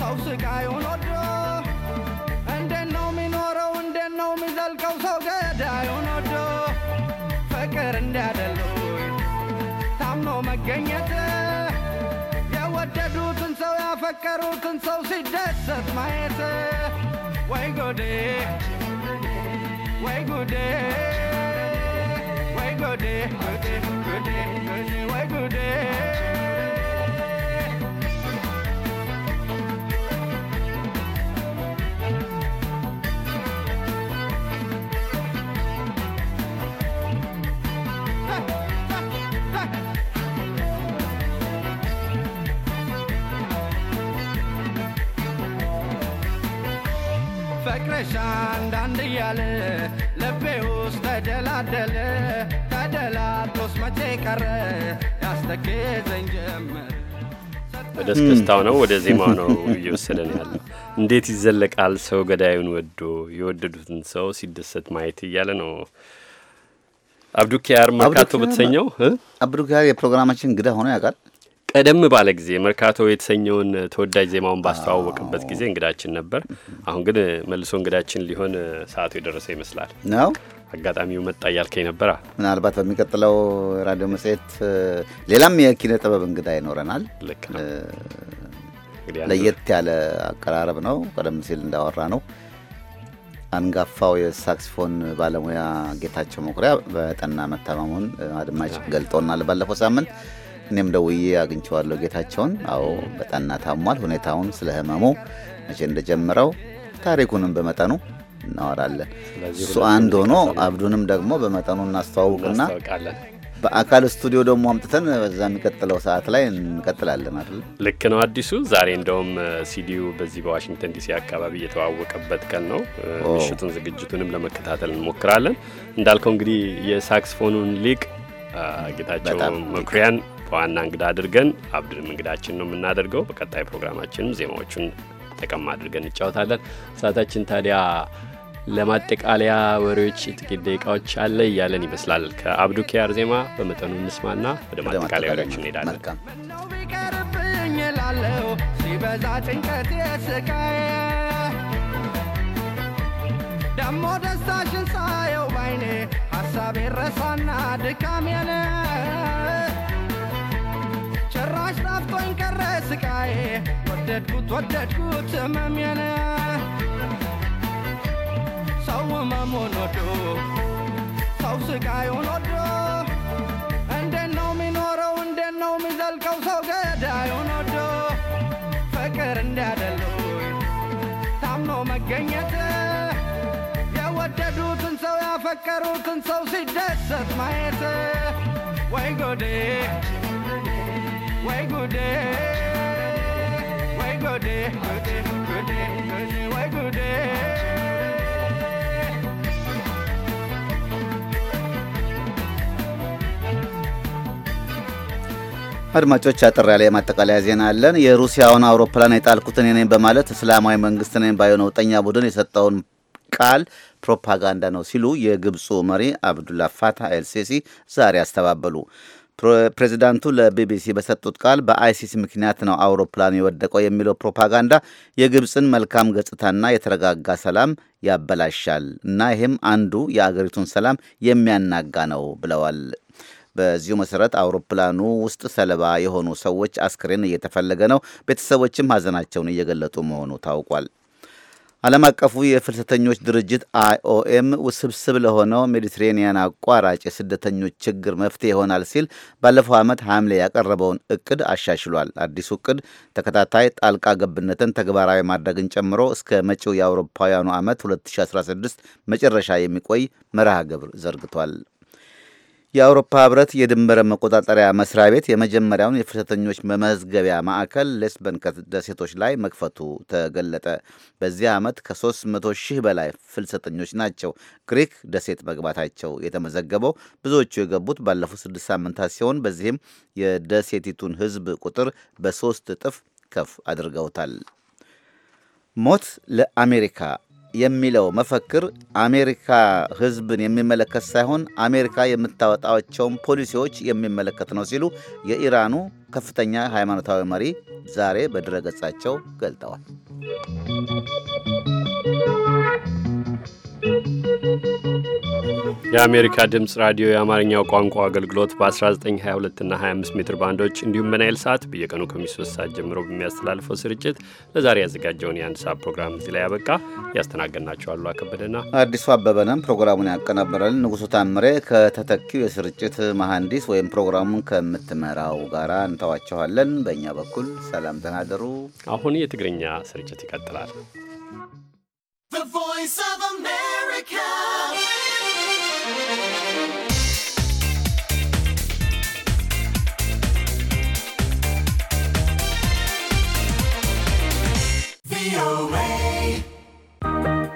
ሰው ስቃዩን ወዶ መገኘትህ የወደዱትን ሰው ያፈቀሩትን ሰው ሲደሰት ማየት ወይ ጎዴ ወይ ጉዴ ወይ ጎዴ ጎዴ ጎዴ ወይ ጉዴ መጨረሻ አንዳንድ እያለ ልቤ ውስጥ ተደላደለ ተደላቶስ መቼ ቀረ ያስተክዘኝ ጀመር። ወደ እስክስታው ነው፣ ወደ ዜማው ነው እየወሰደን ያለው። እንዴት ይዘለቃል ሰው ገዳዩን ወዶ የወደዱትን ሰው ሲደሰት ማየት እያለ ነው። አብዱኪያር መርካቶ በተሰኘው አብዱኪያር የፕሮግራማችን እንግዳ ሆኖ ያውቃል። ቀደም ባለ ጊዜ መርካቶ የተሰኘውን ተወዳጅ ዜማውን ባስተዋወቅበት ጊዜ እንግዳችን ነበር። አሁን ግን መልሶ እንግዳችን ሊሆን ሰዓቱ የደረሰ ይመስላል ነው። አጋጣሚው መጣ እያልከኝ ነበር። ምናልባት በሚቀጥለው ራዲዮ መጽሔት ሌላም የኪነ ጥበብ እንግዳ ይኖረናል። ልክ ነው። ለየት ያለ አቀራረብ ነው። ቀደም ሲል እንዳወራ ነው አንጋፋው የሳክስፎን ባለሙያ ጌታቸው መኩሪያ በጠና መታመሙን አድማጭ ገልጦናል ባለፈው ሳምንት። እኔም ደውዬ አግኝቸዋለሁ ጌታቸውን። አዎ በጠና ታሟል። ሁኔታውን ስለ ህመሙ መቼ እንደጀመረው ታሪኩንም በመጠኑ እናወራለን። እሱ አንድ ሆኖ አብዱንም ደግሞ በመጠኑ እናስተዋውቅና በአካል ስቱዲዮ ደግሞ አምጥተን በዛ የሚቀጥለው ሰዓት ላይ እንቀጥላለን አይደል? ልክ ነው። አዲሱ ዛሬ እንደውም ሲዲዩ በዚህ በዋሽንግተን ዲሲ አካባቢ የተዋወቀበት ቀን ነው። ምሽቱን ዝግጅቱንም ለመከታተል እንሞክራለን። እንዳልከው እንግዲህ የሳክስፎኑን ሊቅ ጌታቸው መኩሪያን በዋና እንግዳ አድርገን አብድንም እንግዳችን ነው የምናደርገው። በቀጣይ ፕሮግራማችንም ዜማዎቹን ጠቀም አድርገን እንጫወታለን። ሰዓታችን ታዲያ ለማጠቃለያ ወሬዎች ጥቂት ደቂቃዎች አለ እያለን ይመስላል። ከአብዱ ኪያር ዜማ በመጠኑ እንስማና ወደ ማጠቃለያ ወሬዎች እንሄዳለን። ሲበዛ ጭንቀት ደሞ ደስታሽን ሳየው ባይኔ ሀሳቤ ረሳና አሽራፍቶኝ ቀረ ስቃዬ ወደድኩት ወደድኩት መሜነ ሰው መሞን ወዶ ሰው ስቃዩን ወዶ እንዴት ነው የሚኖረው? እንዴት ነው የሚዘልቀው? ሰው ገዳዩን ወዶ ፍቅር እንዲያደሉኝ ታምኖ መገኘት የወደዱትን ሰው ያፈቀሩትን ሰው ሲደሰት ማየት ወይ ጎዴ አድማጮች አጠር ያለ የማጠቃለያ ዜና አለን። የሩሲያውን አውሮፕላን የጣልኩትን እኔ በማለት እስላማዊ መንግስት ነኝ ባዩ ነውጠኛ ቡድን የሰጠውን ቃል ፕሮፓጋንዳ ነው ሲሉ የግብፁ መሪ አብዱላ ፋታህ ኤልሲሲ ዛሬ አስተባበሉ። ፕሬዚዳንቱ ለቢቢሲ በሰጡት ቃል በአይሲስ ምክንያት ነው አውሮፕላን የወደቀው የሚለው ፕሮፓጋንዳ የግብፅን መልካም ገጽታና የተረጋጋ ሰላም ያበላሻል እና ይህም አንዱ የአገሪቱን ሰላም የሚያናጋ ነው ብለዋል። በዚሁ መሰረት አውሮፕላኑ ውስጥ ሰለባ የሆኑ ሰዎች አስክሬን እየተፈለገ ነው። ቤተሰቦችም ሀዘናቸውን እየገለጡ መሆኑ ታውቋል። ዓለም አቀፉ የፍልሰተኞች ድርጅት አይኦኤም ውስብስብ ለሆነው ሜዲትሬኒያን አቋራጭ የስደተኞች ችግር መፍትሄ ይሆናል ሲል ባለፈው ዓመት ሐምሌ ያቀረበውን እቅድ አሻሽሏል። አዲሱ እቅድ ተከታታይ ጣልቃ ገብነትን ተግባራዊ ማድረግን ጨምሮ እስከ መጪው የአውሮፓውያኑ ዓመት 2016 መጨረሻ የሚቆይ መርሃ ግብር ዘርግቷል። የአውሮፓ ህብረት የድንበር መቆጣጠሪያ መስሪያ ቤት የመጀመሪያውን የፍልሰተኞች መመዝገቢያ ማዕከል ሌስበን ደሴቶች ላይ መክፈቱ ተገለጠ። በዚህ ዓመት ከ300 ሺህ በላይ ፍልሰተኞች ናቸው ግሪክ ደሴት መግባታቸው የተመዘገበው። ብዙዎቹ የገቡት ባለፉት ስድስት ሳምንታት ሲሆን በዚህም የደሴቲቱን ህዝብ ቁጥር በሶስት እጥፍ ከፍ አድርገውታል። ሞት ለአሜሪካ የሚለው መፈክር አሜሪካ ሕዝብን የሚመለከት ሳይሆን አሜሪካ የምታወጣቸውን ፖሊሲዎች የሚመለከት ነው ሲሉ የኢራኑ ከፍተኛ ሃይማኖታዊ መሪ ዛሬ በድረገጻቸው ገልጠዋል። የአሜሪካ ድምፅ ራዲዮ የአማርኛው ቋንቋ አገልግሎት በ1922 እና 25 ሜትር ባንዶች እንዲሁም በናይል ሰዓት በየቀኑ ከሚስ ሰዓት ጀምሮ በሚያስተላልፈው ስርጭት ለዛሬ ያዘጋጀውን የአንድ ሰዓት ፕሮግራም እዚህ ላይ ያበቃ። ያስተናገድናቸው አሉ አከበደና አዲሱ አበበንም ፕሮግራሙን ያቀናበረልን ንጉሱ ታምሬ ከተተኪው የስርጭት መሐንዲስ ወይም ፕሮግራሙን ከምትመራው ጋራ እንተዋቸኋለን። በእኛ በኩል ሰላም ተናደሩ። አሁን የትግርኛ ስርጭት ይቀጥላል። The voice of America. VOA.